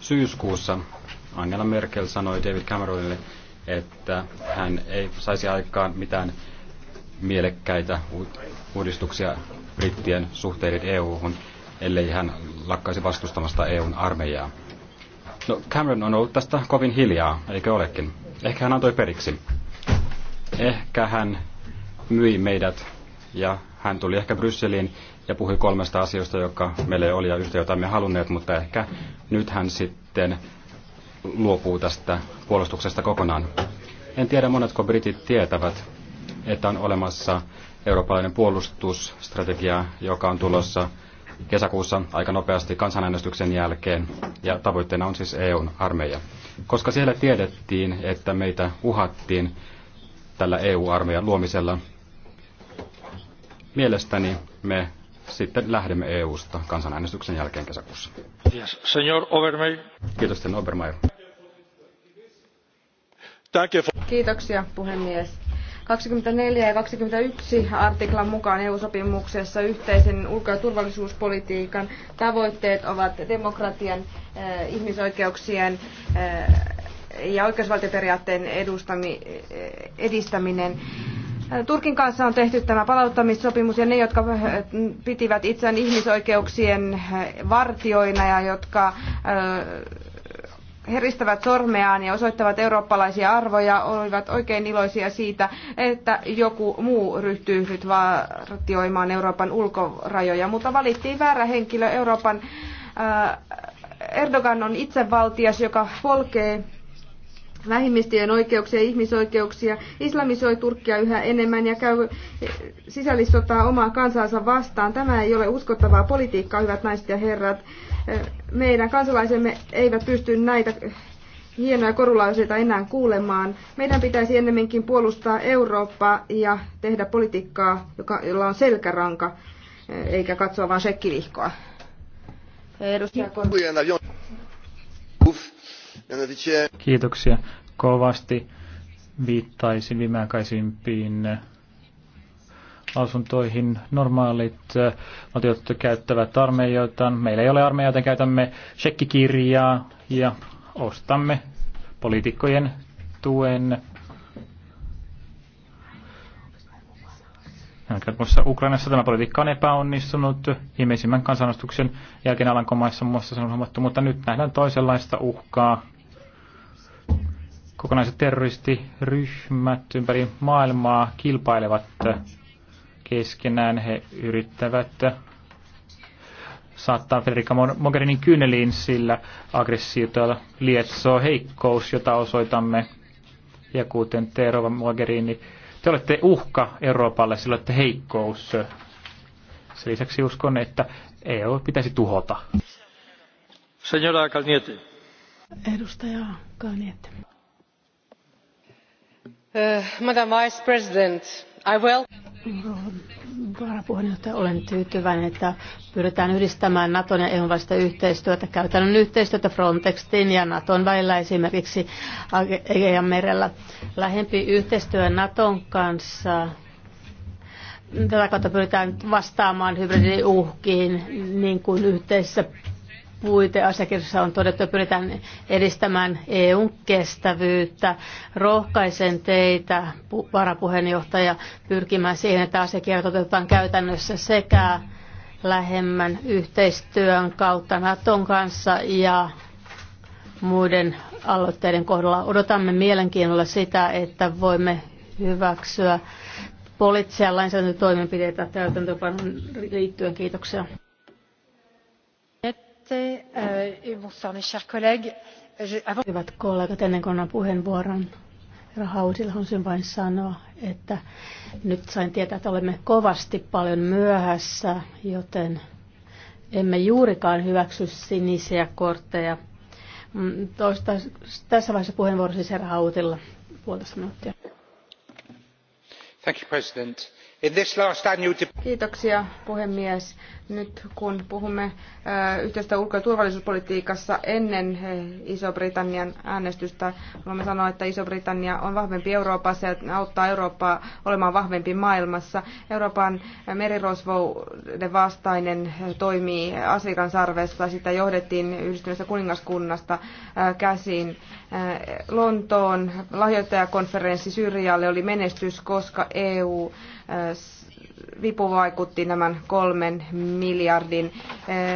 Syyskuussa Angela Merkel sanoi David Cameronille, että hän ei saisi aikaan mitään mielekkäitä uudistuksia brittien suhteiden EU-hun, ellei hän lakkaisi vastustamasta EUn armeijaa. No, Cameron on ollut tästä kovin hiljaa, eikö olekin? Ehkä hän antoi periksi. Ehkä hän myi meidät ja hän tuli ehkä Brysseliin ja puhui kolmesta asiasta, joka meille oli ja yhtä, jotain me halunneet, mutta ehkä nyt hän sitten luopuu tästä puolustuksesta kokonaan. En tiedä, monetko britit tietävät, että on olemassa eurooppalainen puolustusstrategia, joka on tulossa kesäkuussa aika nopeasti kansanäänestyksen jälkeen, ja tavoitteena on siis EUn armeija. Koska siellä tiedettiin, että meitä uhattiin tällä EU-armeijan luomisella, mielestäni me sitten lähdemme EU-sta kansanäänestyksen jälkeen kesäkuussa. Yes, Kiitos, Obermeier.
Kiitoksia puhemies. 24 ja 21 artiklan mukaan EU-sopimuksessa yhteisen ulko- ja turvallisuuspolitiikan tavoitteet ovat demokratian, eh, ihmisoikeuksien eh, ja oikeusvaltioperiaatteen edustami, eh, edistäminen. Turkin kanssa on tehty tämä palauttamissopimus ja ne, jotka pitivät itseään ihmisoikeuksien vartioina ja jotka heristävät sormeaan ja osoittavat eurooppalaisia arvoja, olivat oikein iloisia siitä, että joku muu ryhtyy nyt vartioimaan Euroopan ulkorajoja, mutta valittiin väärä henkilö Euroopan. Äh, Erdogan on itsevaltias, joka polkee vähemmistöjen oikeuksia ja ihmisoikeuksia, islamisoi Turkkia yhä enemmän ja käy sisällissotaa omaa kansansa vastaan. Tämä ei ole uskottavaa politiikkaa, hyvät naiset ja herrat meidän kansalaisemme eivät pysty näitä hienoja korulauseita enää kuulemaan. Meidän pitäisi ennemminkin puolustaa Eurooppaa ja tehdä politiikkaa, joka, jolla on selkäranka, eikä katsoa vain sekkilihkoa.
Kiitoksia kovasti. Viittaisin viimeaikaisimpiin asuntoihin. Normaalit valtiot käyttävät armeijoitaan. Meillä ei ole armeijoita, joten käytämme shekkikirjaa ja ostamme poliitikkojen tuen. Muassa Ukrainassa tämä politiikka on epäonnistunut. Viimeisimmän kansanostuksen jälkeen Alankomaissa muassa se on huomattu, mutta nyt nähdään toisenlaista uhkaa. Kokonaiset terroristiryhmät ympäri maailmaa kilpailevat keskenään. He yrittävät saattaa Federica Mogherinin kyyneliin, sillä aggressiota lietsoo heikkous, jota osoitamme. Ja kuten te, Rova Mogherini, te olette uhka Euroopalle, sillä olette heikkous. Sen lisäksi uskon, että EU pitäisi tuhota.
Senora Kalniete.
Edustaja Kalniete. Uh, Madam Vice President, I will. Varapuheenjohtaja, olen tyytyväinen, että pyritään yhdistämään Naton ja EUn välistä yhteistyötä, käytännön yhteistyötä Frontexin ja Naton välillä esimerkiksi Egean merellä. Lähempi yhteistyö Naton kanssa tätä kautta pyritään vastaamaan hybridiuhkiin niin kuin yhteisessä puiteasiakirjassa on todettu, että pyritään edistämään EUn kestävyyttä. Rohkaisen teitä, varapuheenjohtaja, pyrkimään siihen, että asiakirjat otetaan käytännössä sekä lähemmän yhteistyön kautta Naton kanssa ja muiden aloitteiden kohdalla. Odotamme mielenkiinnolla sitä, että voimme hyväksyä poliittisia lainsäädäntötoimenpiteitä täytäntöönpanon liittyen. Kiitoksia. Eh, Hyvät kollegat, ennen kuin annan puheenvuoron, herra Hausilla haluaisin vain sanoa, että nyt sain tietää, että olemme kovasti paljon myöhässä, joten emme juurikaan hyväksy sinisiä kortteja. Mm, toista, tässä vaiheessa puheenvuoro siis herra Hautilla puolitoista minuuttia.
Thank you, President.
Kiitoksia puhemies. Nyt kun puhumme
äh, yhteistä ulko- ja turvallisuuspolitiikasta ennen äh, Iso-Britannian äänestystä, haluamme sanoa, että Iso-Britannia on vahvempi Euroopassa ja auttaa Eurooppaa olemaan vahvempi maailmassa. Euroopan äh, merirosvouden vastainen toimii Afrikan sarvessa. Sitä johdettiin yhdistyneestä kuningaskunnasta käsin. Lontoon lahjoittajakonferenssi Syyrialle oli menestys, koska EU Äh, vipuvaikutti tämän kolmen miljardin.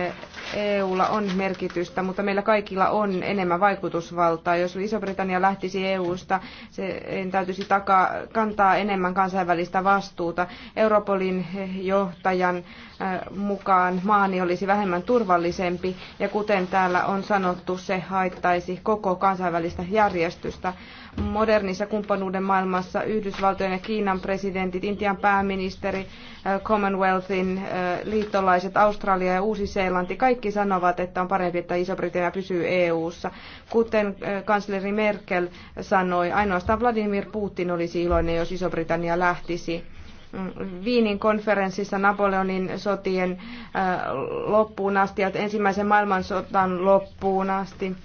Äh, EUlla on merkitystä, mutta meillä kaikilla on enemmän vaikutusvaltaa. Jos Iso-Britannia lähtisi EUsta, se täytyisi takaa, kantaa enemmän kansainvälistä vastuuta. Europolin johtajan äh, mukaan maani olisi vähemmän turvallisempi ja kuten täällä on sanottu, se haittaisi koko kansainvälistä järjestystä modernissa kumppanuuden maailmassa Yhdysvaltojen ja Kiinan presidentit, Intian pääministeri, äh, Commonwealthin äh, liittolaiset, Australia ja Uusi-Seelanti, kaikki sanovat, että on parempi, että Iso-Britannia pysyy EU-ssa. Kuten äh, kansleri Merkel sanoi, ainoastaan Vladimir Putin olisi iloinen, jos Iso-Britannia lähtisi. Viinin mm, konferenssissa Napoleonin sotien loppuun asti ja ensimmäisen maailmansotan loppuun asti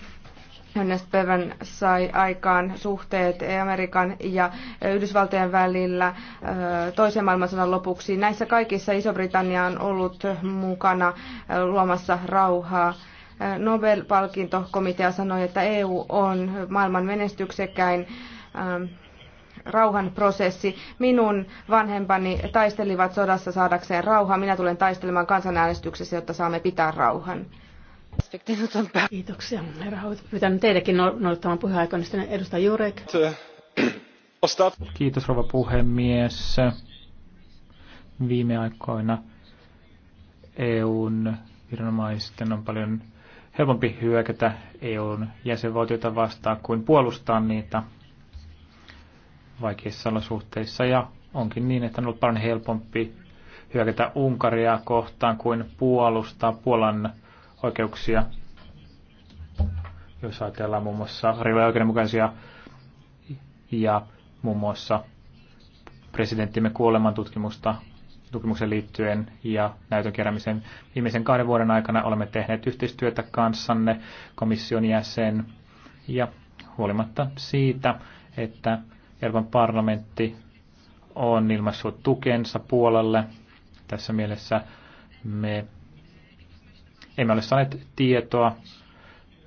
Ernest Bevan sai aikaan suhteet Amerikan ja Yhdysvaltojen välillä toisen maailmansodan lopuksi. Näissä kaikissa Iso-Britannia on ollut mukana luomassa rauhaa. Nobel-palkintokomitea sanoi, että EU on maailman menestyksekkäin rauhanprosessi. Minun vanhempani taistelivat sodassa saadakseen rauhaa. Minä tulen taistelemaan kansanäänestyksessä, jotta saamme pitää
rauhan. Kiitoksia, herra Hoito. Pyydän teidäkin no- noudattamaan puheenaikaan,
niin sitten edustaja Jurek. Kiitos, rouva puhemies. Viime aikoina EUn viranomaisten on paljon helpompi hyökätä EUn jäsenvaltioita vastaan kuin puolustaa niitä vaikeissa olosuhteissa. Ja onkin niin, että on ollut paljon helpompi hyökätä Unkaria kohtaan kuin puolustaa Puolan oikeuksia, jos ajatellaan muun muassa reiluja oikeudenmukaisia ja muun muassa presidenttimme tutkimusta tutkimukseen liittyen ja näytön keräämisen viimeisen kahden vuoden aikana olemme tehneet yhteistyötä kanssanne, komission jäsen, ja huolimatta siitä, että Euroopan parlamentti on ilmaissut tukensa puolelle. Tässä mielessä me emme ole saaneet tietoa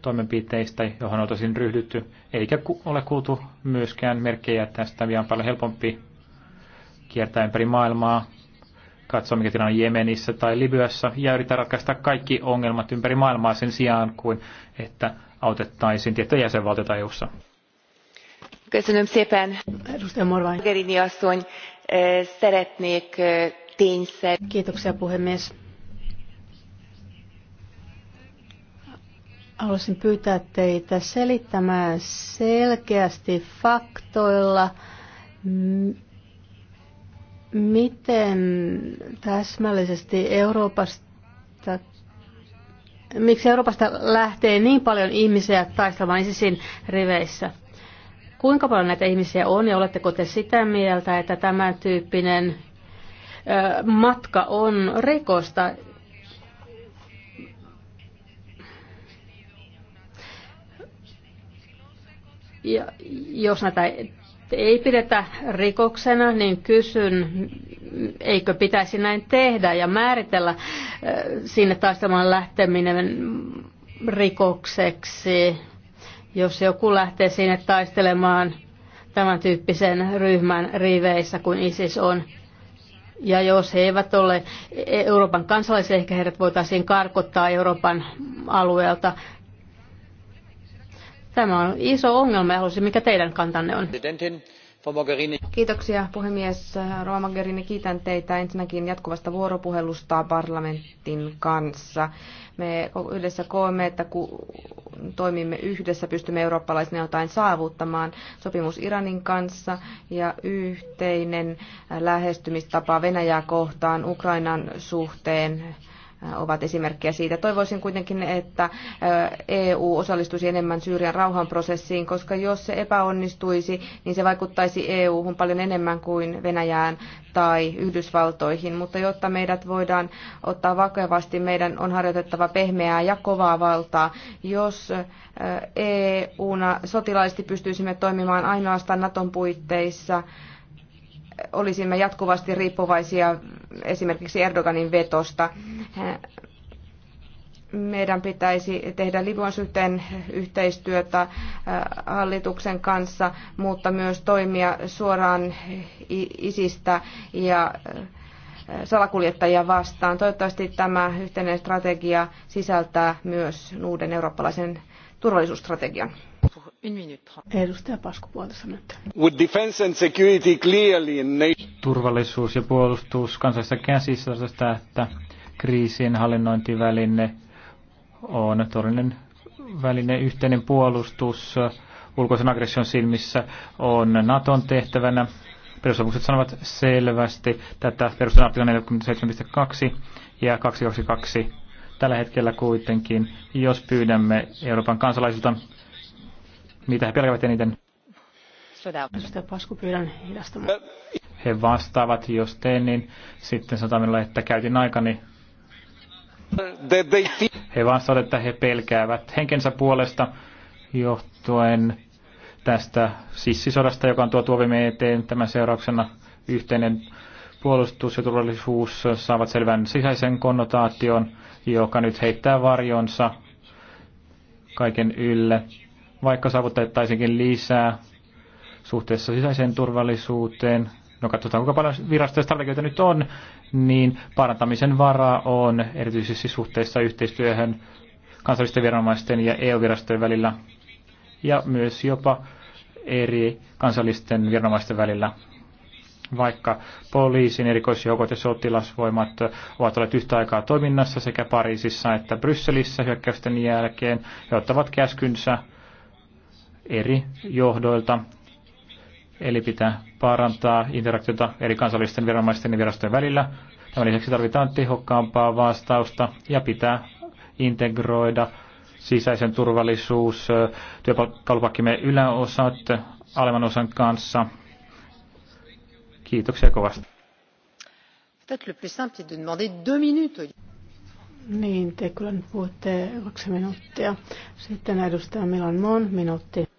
toimenpiteistä, johon on tosin ryhdytty, eikä ole kuultu myöskään merkkejä tästä. Vielä on paljon helpompi kiertää ympäri maailmaa, katsoa mikä tilanne on Jemenissä tai Libyassa ja yrittää ratkaista kaikki ongelmat ympäri maailmaa sen sijaan kuin että autettaisiin tiettyä jäsenvaltiota EU-ssa.
Köszönöm szépen. Edustaja Morvain. Gerini asszony, eh, szeretnék eh, tényszer. Kiitoksia puhemies Haluaisin pyytää teitä selittämään selkeästi faktoilla, miten täsmällisesti Euroopasta miksi Euroopasta lähtee niin paljon ihmisiä taistelemaan ISISin riveissä. Kuinka paljon näitä ihmisiä on ja oletteko te sitä mieltä, että tämän tyyppinen matka on rikosta Ja jos näitä ei pidetä rikoksena, niin kysyn, eikö pitäisi näin tehdä ja määritellä äh, sinne taistelman lähteminen rikokseksi, jos joku lähtee sinne taistelemaan tämän tyyppisen ryhmän riveissä kuin ISIS on. Ja jos he eivät ole Euroopan kansalaisia, ehkä heidät voitaisiin karkottaa Euroopan alueelta. Tämä on iso ongelma ja haluaisin, mikä teidän kantanne on. Kiitoksia puhemies. Rova Mogherini,
kiitän teitä ensinnäkin jatkuvasta vuoropuhelusta parlamentin kanssa. Me yhdessä koemme, että kun toimimme yhdessä, pystymme eurooppalaisina jotain saavuttamaan. Sopimus Iranin kanssa ja yhteinen lähestymistapa Venäjää kohtaan Ukrainan suhteen ovat esimerkkejä siitä. Toivoisin kuitenkin, että EU osallistuisi enemmän Syyrian rauhanprosessiin, koska jos se epäonnistuisi, niin se vaikuttaisi EU-hun paljon enemmän kuin Venäjään tai Yhdysvaltoihin. Mutta jotta meidät voidaan ottaa vakavasti, meidän on harjoitettava pehmeää ja kovaa valtaa. Jos EU-na sotilaisesti pystyisimme toimimaan ainoastaan Naton puitteissa, olisimme jatkuvasti riippuvaisia esimerkiksi Erdoganin vetosta. Meidän pitäisi tehdä Libyan suhteen yhteistyötä äh, hallituksen kanssa, mutta myös toimia suoraan isistä ja äh, salakuljettajia vastaan. Toivottavasti tämä yhteinen strategia sisältää myös uuden eurooppalaisen turvallisuusstrategian.
Turvallisuus ja puolustus kansallisessa käsissä sitä, että kriisin hallinnointiväline on todellinen väline, yhteinen puolustus ulkoisen aggression silmissä on Naton tehtävänä. Perussopimukset sanovat selvästi tätä perustan artikla 47.2 ja 222 tällä hetkellä kuitenkin, jos pyydämme Euroopan kansalaisilta mitä he pelkävät eniten. He vastaavat, jos teen, niin sitten sanotaan minulle, että käytin aikani. He vastaavat, että he pelkäävät henkensä puolesta johtuen tästä sissisodasta, joka on tuo tuovimme eteen tämän seurauksena yhteinen puolustus ja turvallisuus saavat selvän sisäisen konnotaation, joka nyt heittää varjonsa kaiken ylle vaikka saavutettaisiinkin lisää suhteessa sisäiseen turvallisuuteen, no katsotaan kuinka paljon virastoja strategioita nyt on, niin parantamisen varaa on erityisesti suhteessa yhteistyöhön kansallisten viranomaisten ja EU-virastojen välillä ja myös jopa eri kansallisten viranomaisten välillä. Vaikka poliisin, erikoisjoukot ja sotilasvoimat ovat olleet yhtä aikaa toiminnassa sekä Pariisissa että Brysselissä hyökkäysten jälkeen ja ottavat käskynsä eri johdoilta. Eli pitää parantaa interaktiota eri kansallisten viranomaisten ja virastojen välillä. Tämän lisäksi tarvitaan tehokkaampaa vastausta ja pitää integroida sisäisen turvallisuus, työkalupakkimme yläosat alemman osan kanssa. Kiitoksia kovasti.
Niin, te kyllä nyt puhutte kaksi minuuttia. Sitten edustaja Milan Mon, minuutti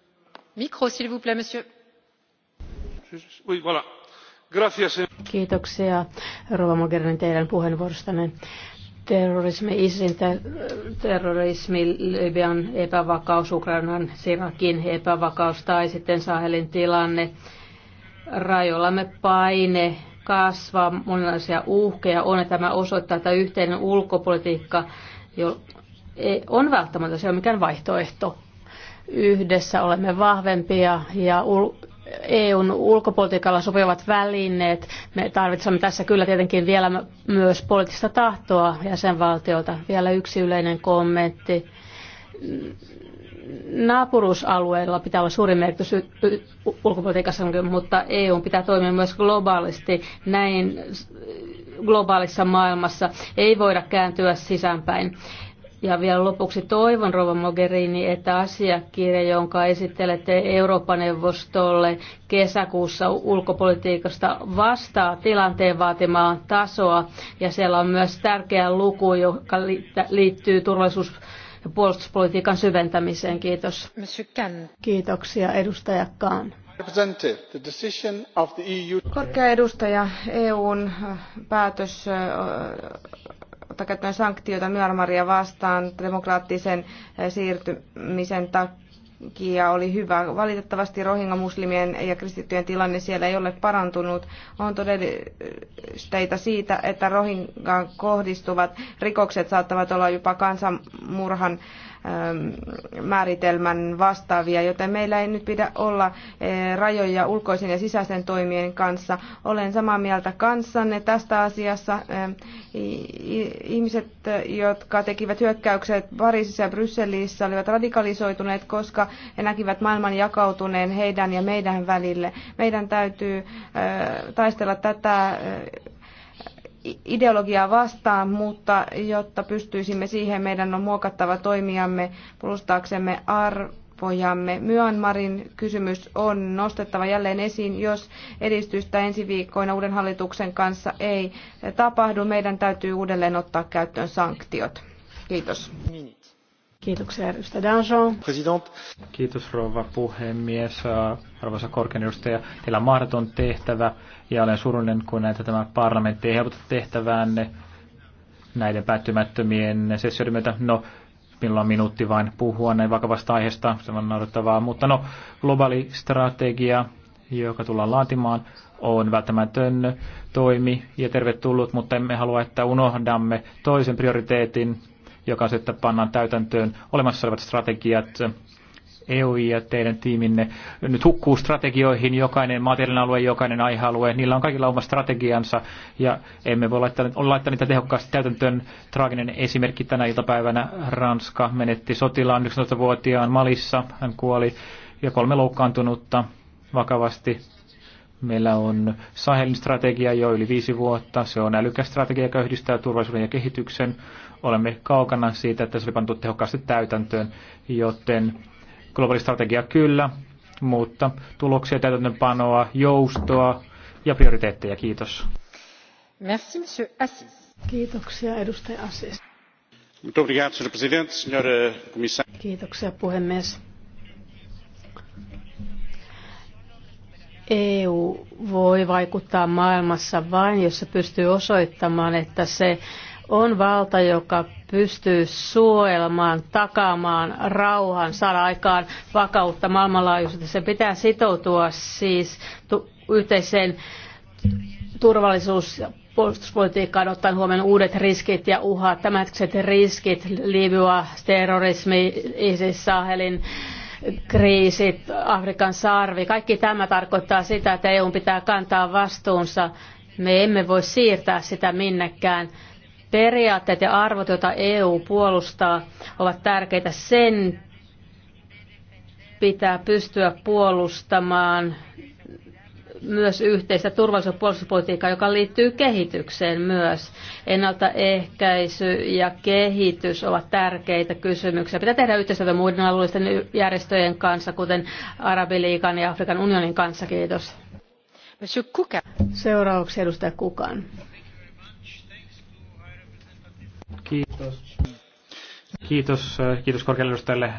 kiitoksia rouva mogherini teidän puheenvuorostanne. terrorismi isin terrorismi libyan epävakaus ukrainan sirakin epävakaus tai sitten sahelin tilanne rajoillamme paine kasvaa monenlaisia uhkeja on ja tämä osoittaa että yhteinen ulkopolitiikka e- on välttämätöntä se on mikään vaihtoehto yhdessä olemme vahvempia ja ul- EUn ulkopolitiikalla sopivat välineet. Me tarvitsemme tässä kyllä tietenkin vielä myös poliittista tahtoa jäsenvaltiolta. Vielä yksi yleinen kommentti. Naapuruusalueilla pitää olla suuri merkitys y- y- ulkopolitiikassa, mutta EU pitää toimia myös globaalisti. Näin globaalissa maailmassa ei voida kääntyä sisäänpäin. Ja vielä lopuksi toivon, Rova Mogherini, että asiakirja, jonka esittelette Euroopan neuvostolle kesäkuussa ulkopolitiikasta, vastaa tilanteen vaatimaa tasoa. Ja siellä on myös tärkeä luku, joka liittyy turvallisuus- ja puolustuspolitiikan syventämiseen. Kiitos. Kiitoksia, edustaja Kahn.
E
Korkea edustaja, EUn äh, päätös äh, ottaa käyttöön sanktioita Myanmaria vastaan demokraattisen eh, siirtymisen takia Kia oli hyvä. Valitettavasti Rohingya-muslimien ja kristittyjen tilanne siellä ei ole parantunut. On todellisteita siitä, että Rohingaan kohdistuvat rikokset saattavat olla jopa kansanmurhan ähm, määritelmän vastaavia, joten meillä ei nyt pidä olla eh, rajoja ulkoisen ja sisäisen toimien kanssa. Olen samaa mieltä kanssanne tästä asiassa. Ähm, ihmiset, jotka tekivät hyökkäykset Pariisissa ja Brysselissä, olivat radikalisoituneet, koska he näkivät maailman jakautuneen heidän ja meidän välille. Meidän täytyy taistella tätä ideologiaa vastaan, mutta jotta pystyisimme siihen, meidän on muokattava toimijamme puolustaaksemme arvojamme. Myanmarin kysymys on nostettava jälleen esiin, jos edistystä ensi viikkoina uuden hallituksen kanssa ei tapahdu. Meidän täytyy uudelleen ottaa käyttöön sanktiot. Kiitos.
Niin. Kiitoksia, edustaja Danjon.
President. Kiitos, rouva puhemies. Arvoisa korkean edustaja, teillä on mahdoton tehtävä ja olen surullinen, kun näitä tämä parlamentti ei helpota tehtäväänne näiden päättymättömien sessioiden myötä. No, minulla on minuutti vain puhua näin vakavasta aiheesta, se on naurettavaa, mutta no, globaali strategia, joka tullaan laatimaan, on välttämätön toimi ja tervetullut, mutta emme halua, että unohdamme toisen prioriteetin, joka sitten pannaan täytäntöön olemassa olevat strategiat. EU ja teidän tiiminne nyt hukkuu strategioihin, jokainen materiaalinen alue, jokainen aihealue, niillä on kaikilla oma strategiansa ja emme voi laittaa, laittaa niitä tehokkaasti täytäntöön. Traaginen esimerkki tänä iltapäivänä Ranska menetti sotilaan 19-vuotiaan Malissa, hän kuoli ja kolme loukkaantunutta vakavasti. Meillä on Sahelin strategia jo yli viisi vuotta. Se on älykäs strategia, joka yhdistää turvallisuuden ja kehityksen olemme kaukana siitä, että se oli pantu tehokkaasti täytäntöön, joten globaali strategia kyllä, mutta tuloksia, täytäntöönpanoa, joustoa ja prioriteetteja. Kiitos.
Merci, monsieur Assis. Kiitoksia, edustaja Assis. Kiitoksia, puhemies. EU voi vaikuttaa maailmassa vain, jos se pystyy osoittamaan, että se on valta, joka pystyy suojelmaan, takaamaan rauhan, saada aikaan vakautta maailmanlaajuisesti. Se pitää sitoutua siis tu- yhteiseen turvallisuus- ja puolustuspolitiikkaan ottaen huomioon uudet riskit ja uhat, tämänhetkiset riskit, Libya, terrorismi, ISIS, Sahelin, kriisit, Afrikan sarvi, kaikki tämä tarkoittaa sitä, että EU pitää kantaa vastuunsa. Me emme voi siirtää sitä minnekään periaatteet ja arvot, joita EU puolustaa, ovat tärkeitä. Sen pitää pystyä puolustamaan myös yhteistä turvallisuus- ja puolustuspolitiikkaa, joka liittyy kehitykseen myös. Ennaltaehkäisy ja kehitys ovat tärkeitä kysymyksiä. Pitää tehdä yhteistyötä muiden alueellisten järjestöjen kanssa, kuten Arabiliikan ja Afrikan unionin kanssa. Kiitos. Seuraavaksi edustaja Kukan
Kiitos. Kiitos, äh, kiitos korkealle edustajalle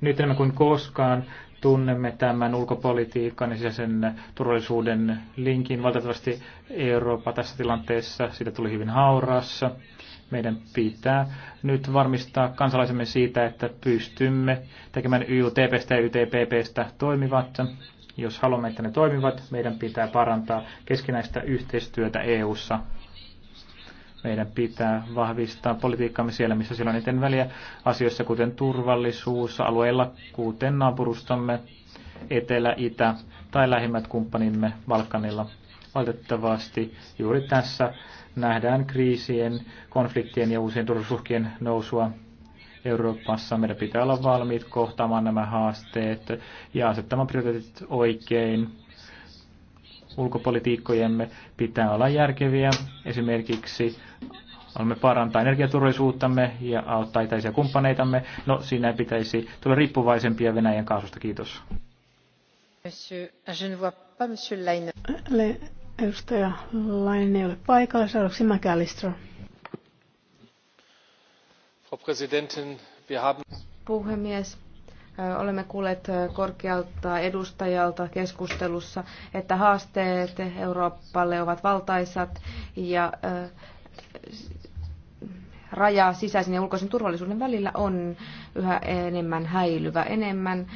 Nyt enemmän kuin koskaan tunnemme tämän ulkopolitiikan ja sen turvallisuuden linkin. Valitettavasti Eurooppa tässä tilanteessa, siitä tuli hyvin hauraassa. Meidän pitää nyt varmistaa kansalaisemme siitä, että pystymme tekemään YUTPstä ja YTPPstä toimivat. Jos haluamme, että ne toimivat, meidän pitää parantaa keskinäistä yhteistyötä EU:ssa meidän pitää vahvistaa politiikkaamme siellä, missä sillä on eniten väliä asioissa, kuten turvallisuus, alueilla, kuten naapurustamme, etelä, itä tai lähimmät kumppanimme Balkanilla. Valitettavasti juuri tässä nähdään kriisien, konfliktien ja uusien turvallisuuskien nousua Euroopassa. Meidän pitää olla valmiit kohtaamaan nämä haasteet ja asettamaan prioriteetit oikein ulkopolitiikkojemme pitää olla järkeviä. Esimerkiksi olemme parantaa energiaturvallisuuttamme ja auttaa itäisiä kumppaneitamme. No, siinä pitäisi tulla riippuvaisempia Venäjän kaasusta. Kiitos.
Laine. edustaja Laine ei ole paikalla. Seuraavaksi Mäkälistro.
Frau Präsidentin, wir haben...
Puhemies, Olemme kuulleet korkealta edustajalta keskustelussa, että haasteet Euroopalle ovat valtaisat ja raja sisäisen ja ulkoisen turvallisuuden välillä on yhä enemmän häilyvä. Enemmän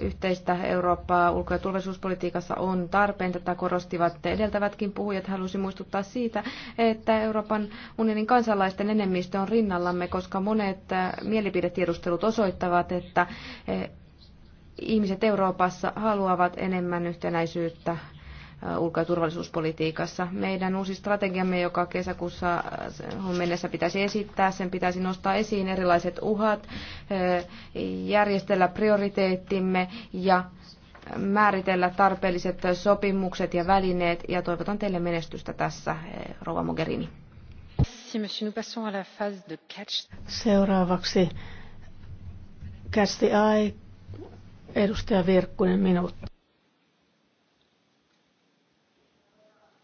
yhteistä Eurooppaa ulko- ja turvallisuuspolitiikassa on tarpeen. Tätä korostivat edeltävätkin puhujat. Haluaisin muistuttaa siitä, että Euroopan unionin kansalaisten enemmistö on rinnallamme, koska monet mielipidetiedustelut osoittavat, että ihmiset Euroopassa haluavat enemmän yhtenäisyyttä ulko- ja turvallisuuspolitiikassa. Meidän uusi strategiamme, joka kesäkuussa on mennessä pitäisi esittää, sen pitäisi nostaa esiin erilaiset uhat, järjestellä prioriteettimme ja määritellä tarpeelliset sopimukset ja välineet ja toivotan teille menestystä
tässä, Rova Mogherini. Seuraavaksi kästi ai edustaja Virkkunen, minuutti.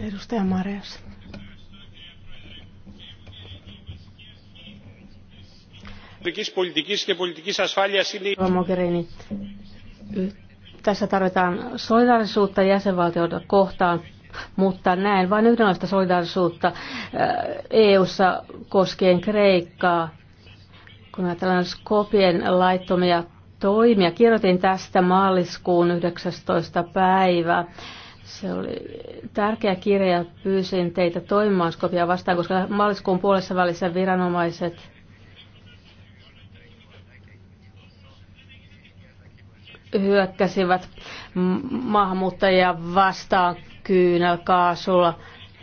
Edustaja Marias. Mogherini, tässä tarvitaan solidaarisuutta jäsenvaltioita kohtaan, mutta näen vain yhdenlaista solidaarisuutta EU-ssa koskien Kreikkaa. Kun ajatellaan Skopien laittomia toimia, kirjoitin tästä maaliskuun 19. päivää se oli tärkeä kirja ja pyysin teitä toimimaan Skopia vastaan, koska maaliskuun puolessa välissä viranomaiset hyökkäsivät maahanmuuttajia vastaan kyynelkaasulla.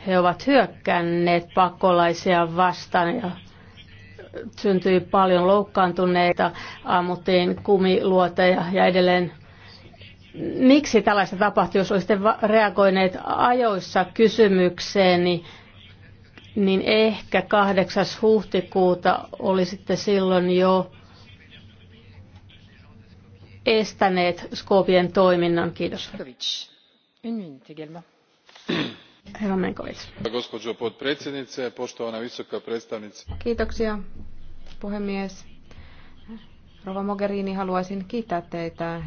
He ovat hyökkänneet pakolaisia vastaan ja syntyi paljon loukkaantuneita, ammuttiin kumiluoteja ja edelleen miksi tällaista tapahtui, jos olisitte reagoineet ajoissa kysymykseeni, niin ehkä 8. huhtikuuta olisitte silloin jo estäneet Skopien toiminnan. Kiitos. Herra Menkovic.
visoka Kiitoksia,
puhemies. Rova Mogherini, haluaisin kiittää teitä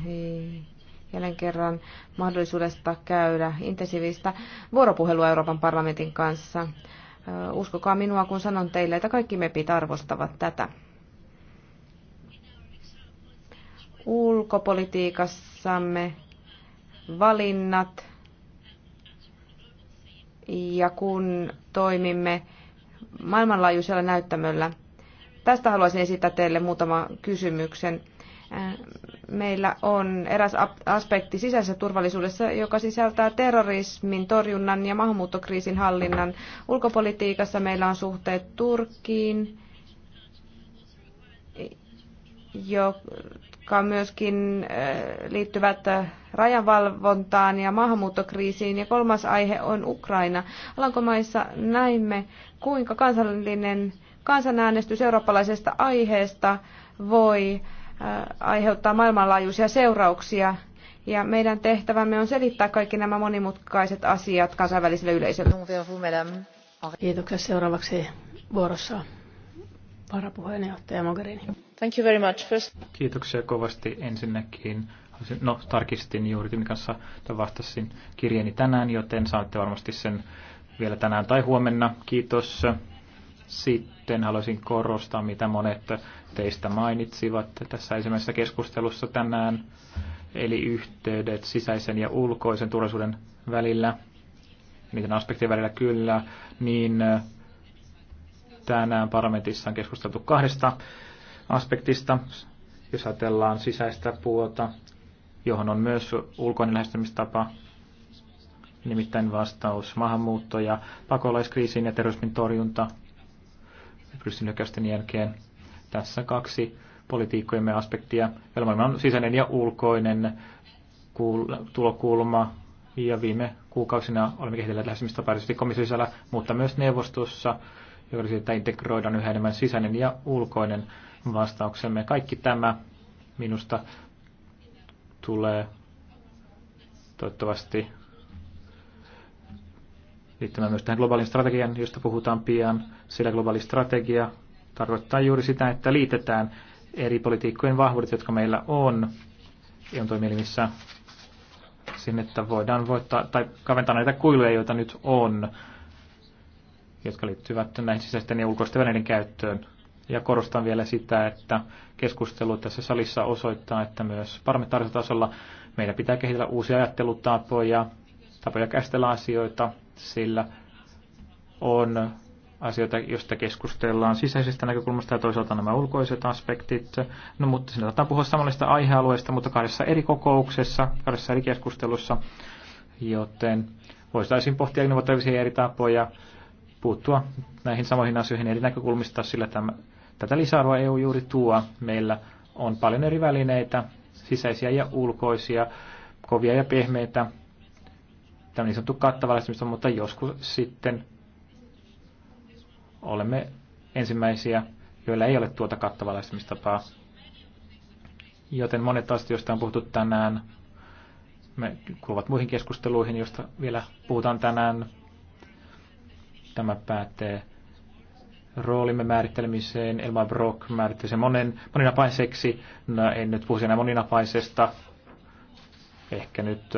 jälleen kerran mahdollisuudesta käydä intensiivistä vuoropuhelua Euroopan parlamentin kanssa. Uskokaa minua, kun sanon teille, että kaikki mepit arvostavat tätä. Ulkopolitiikassamme valinnat ja kun toimimme maailmanlaajuisella näyttämöllä. Tästä haluaisin esittää teille muutama kysymyksen meillä on eräs aspekti sisäisessä turvallisuudessa, joka sisältää terrorismin torjunnan ja maahanmuuttokriisin hallinnan. Ulkopolitiikassa meillä on suhteet Turkkiin, jotka myöskin eh, liittyvät eh, rajanvalvontaan ja maahanmuuttokriisiin. Ja kolmas aihe on Ukraina. Alankomaissa näimme, kuinka kansallinen kansanäänestys eurooppalaisesta aiheesta voi aiheuttaa maailmanlaajuisia seurauksia. Ja meidän tehtävämme on selittää kaikki nämä monimutkaiset asiat kansainväliselle yleisölle.
Kiitoksia. Seuraavaksi vuorossa varapuheenjohtaja Mogherini. Thank you very much. First...
Kiitoksia kovasti ensinnäkin. No, tarkistin juuri Timin kanssa, vastasin kirjeeni tänään, joten saatte varmasti sen vielä tänään tai huomenna. Kiitos sitten haluaisin korostaa, mitä monet teistä mainitsivat tässä ensimmäisessä keskustelussa tänään, eli yhteydet sisäisen ja ulkoisen turvallisuuden välillä, niiden aspektien välillä kyllä, niin tänään parlamentissa on keskusteltu kahdesta aspektista, jos ajatellaan sisäistä puolta, johon on myös ulkoinen lähestymistapa, nimittäin vastaus maahanmuutto- ja pakolaiskriisiin ja terrorismin torjunta rystinyökäysten jälkeen. Tässä kaksi politiikkojemme aspektia. Elämä on sisäinen ja ulkoinen tulokulma, ja viime kuukausina olemme kehitelleet lähestymistapaa erityisesti komission mutta myös neuvostossa, joka siitä integroidaan yhä enemmän sisäinen ja ulkoinen vastauksemme. Kaikki tämä minusta tulee toivottavasti liittymään myös tähän globaalin strategian, josta puhutaan pian, sillä globaali strategia tarkoittaa juuri sitä, että liitetään eri politiikkojen vahvuudet, jotka meillä on EUn toimielimissä sinne, että voidaan voittaa tai kaventaa näitä kuiluja, joita nyt on, jotka liittyvät näihin sisäisten ja ulkoisten välineiden käyttöön. Ja korostan vielä sitä, että keskustelu tässä salissa osoittaa, että myös parlamentaarisella tasolla meidän pitää kehitellä uusia ajattelutapoja, tapoja käsitellä asioita, sillä on asioita, joista keskustellaan sisäisestä näkökulmasta ja toisaalta nämä ulkoiset aspektit. No, mutta siinä saattaa puhua samanlaista aihealueesta, mutta kahdessa eri kokouksessa, kahdessa eri keskustelussa, joten voisitaisiin pohtia innovatiivisia eri tapoja puuttua näihin samoihin asioihin eri näkökulmista, sillä tämä, tätä lisäarvoa EU juuri tuo. Meillä on paljon eri välineitä, sisäisiä ja ulkoisia, kovia ja pehmeitä, Tämä on niin sanottu kattava mutta joskus sitten olemme ensimmäisiä, joilla ei ole tuota kattavaa lähestymistapaa. Joten monet asiat, joista on puhuttu tänään, me kuuluvat muihin keskusteluihin, joista vielä puhutaan tänään. Tämä päätee roolimme määrittelemiseen. Elma Brock määritteli sen monen, moninapaiseksi. No, en nyt puhu siinä moninapaisesta. Ehkä nyt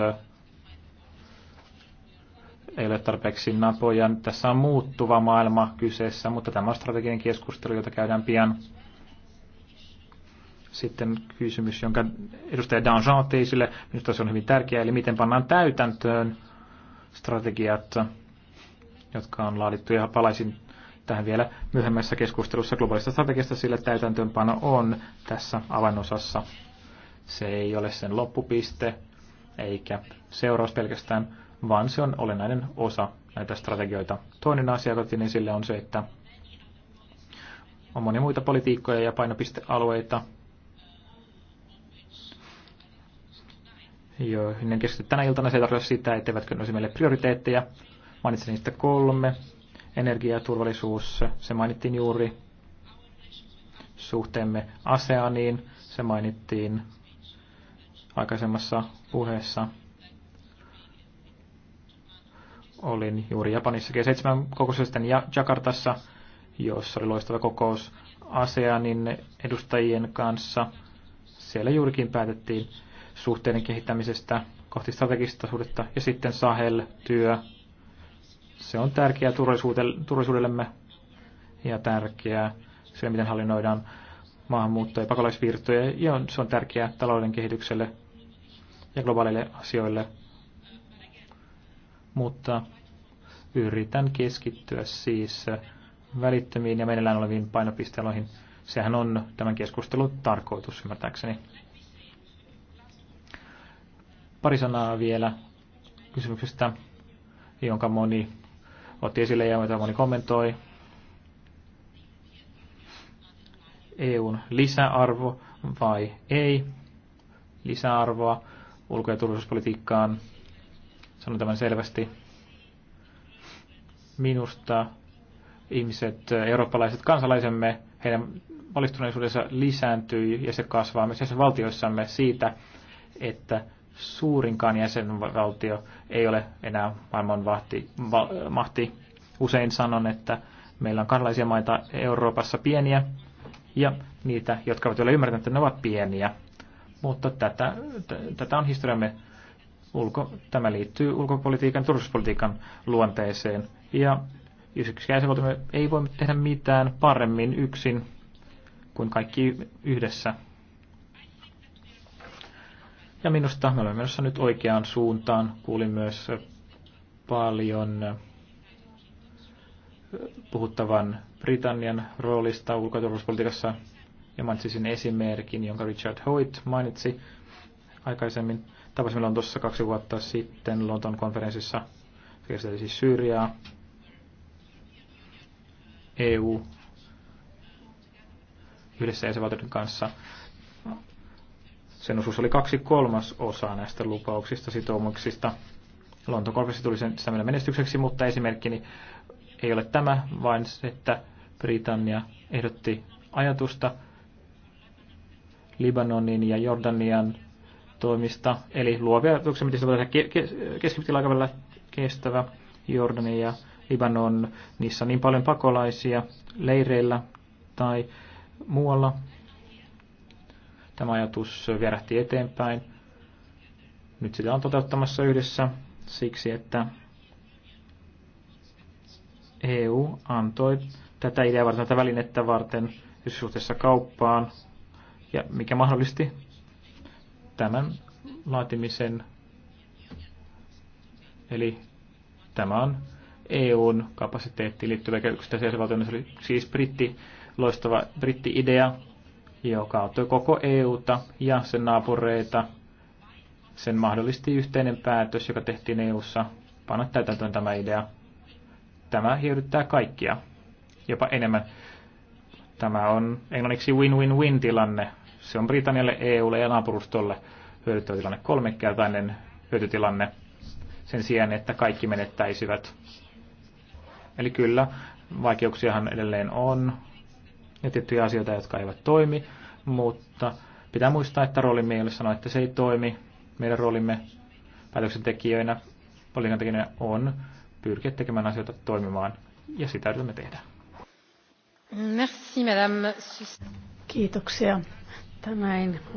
ei ole tarpeeksi napoja. Tässä on muuttuva maailma kyseessä, mutta tämä on strateginen keskustelu, jota käydään pian. Sitten kysymys, jonka edustaja Danjean otti esille, minusta se on hyvin tärkeää, eli miten pannaan täytäntöön strategiat, jotka on laadittu, ja palaisin tähän vielä myöhemmässä keskustelussa globaalista strategiasta, sillä täytäntöönpano on tässä avainosassa. Se ei ole sen loppupiste, eikä seuraus pelkästään vaan se on olennainen osa näitä strategioita. Toinen asia, joka otin niin esille, on se, että on monia muita politiikkoja ja painopistealueita, joihin en keskity tänä iltana. Se ei tarkoita sitä, etteivätkö ne olisi meille prioriteetteja. Mainitsin niistä kolme. Energia ja turvallisuus, se mainittiin juuri. Suhteemme ASEANiin, se mainittiin aikaisemmassa puheessa. Olin juuri Japanissa G7-kokouksessa ja Jakartassa, jossa oli loistava kokous ASEANin edustajien kanssa. Siellä juurikin päätettiin suhteiden kehittämisestä kohti strategista suhdetta ja sitten Sahel-työ. Se on tärkeää turvallisuudellemme ja tärkeää se, miten hallinnoidaan maahanmuutto- ja pakolaisvirtoja, ja se on tärkeää talouden kehitykselle ja globaaleille asioille mutta yritän keskittyä siis välittömiin ja meneillään oleviin painopisteloihin. Sehän on tämän keskustelun tarkoitus, ymmärtääkseni. Pari sanaa vielä kysymyksestä, jonka moni otti esille ja jota moni kommentoi. EUn lisäarvo vai ei lisäarvoa ulko- ja turvallisuuspolitiikkaan Sanon tämän selvästi. Minusta ihmiset, eurooppalaiset kansalaisemme, heidän valistuneisuudessa lisääntyy ja se kasvaa myös jäsenvaltioissamme siitä, että suurinkaan jäsenvaltio ei ole enää maailman vahti, va, mahti. Usein sanon, että meillä on kansalaisia maita Euroopassa pieniä ja niitä, jotka ovat vielä ymmärtäneet, että ne ovat pieniä. Mutta tätä, tätä on historiamme Ulko, tämä liittyy ulkopolitiikan ja turvallisuuspolitiikan luonteeseen. Ja yksi ei voi tehdä mitään paremmin yksin kuin kaikki yhdessä. Ja minusta me olemme menossa nyt oikeaan suuntaan. Kuulin myös paljon puhuttavan Britannian roolista ulkoturvallisuuspolitiikassa. ja ja mainitsisin esimerkin, jonka Richard Hoyt mainitsi aikaisemmin. Tapasimme Lontossa kaksi vuotta sitten Lontoon konferenssissa. Se käsitteli siis Syyriaa. EU yhdessä jäsenvaltioiden kanssa. Sen osuus oli kaksi kolmas osaa näistä lupauksista, sitoumuksista. Lontoon konferenssi tuli sen sitä menestykseksi, mutta esimerkkini ei ole tämä, vaan se, että Britannia ehdotti ajatusta Libanonin ja Jordanian toimista, eli luovia ajatuksia, miten se voi tehdä keskipitkällä aikavälillä kestävä Jordania ja Libanon, niissä on niin paljon pakolaisia leireillä tai muualla. Tämä ajatus vierähti eteenpäin. Nyt sitä on toteuttamassa yhdessä siksi, että EU antoi tätä ideaa varten, tätä välinettä varten suhteessa kauppaan, ja mikä mahdollisti tämän laatimisen. Eli tämä on EUn kapasiteettiin liittyvä yksittäisen jäsenvaltion, se oli siis britti, loistava britti-idea, joka auttoi koko EUta ja sen naapureita. Sen mahdollisti yhteinen päätös, joka tehtiin EUssa, panna täytäntöön tämä idea. Tämä hyödyttää kaikkia, jopa enemmän. Tämä on englanniksi win-win-win tilanne. Se on Britannialle, EUlle ja naapurustolle hyötytilanne kolmekertainen hyötytilanne sen sijaan, että kaikki menettäisivät. Eli kyllä, vaikeuksiahan edelleen on ja tiettyjä asioita, jotka eivät toimi, mutta pitää muistaa, että roolimme ei ole sanoa, että se ei toimi. Meidän roolimme päätöksentekijöinä, politiikantekijöinä on pyrkiä tekemään asioita toimimaan ja sitä yritämme tehdä.
Merci, madame. Kiitoksia. Tämä on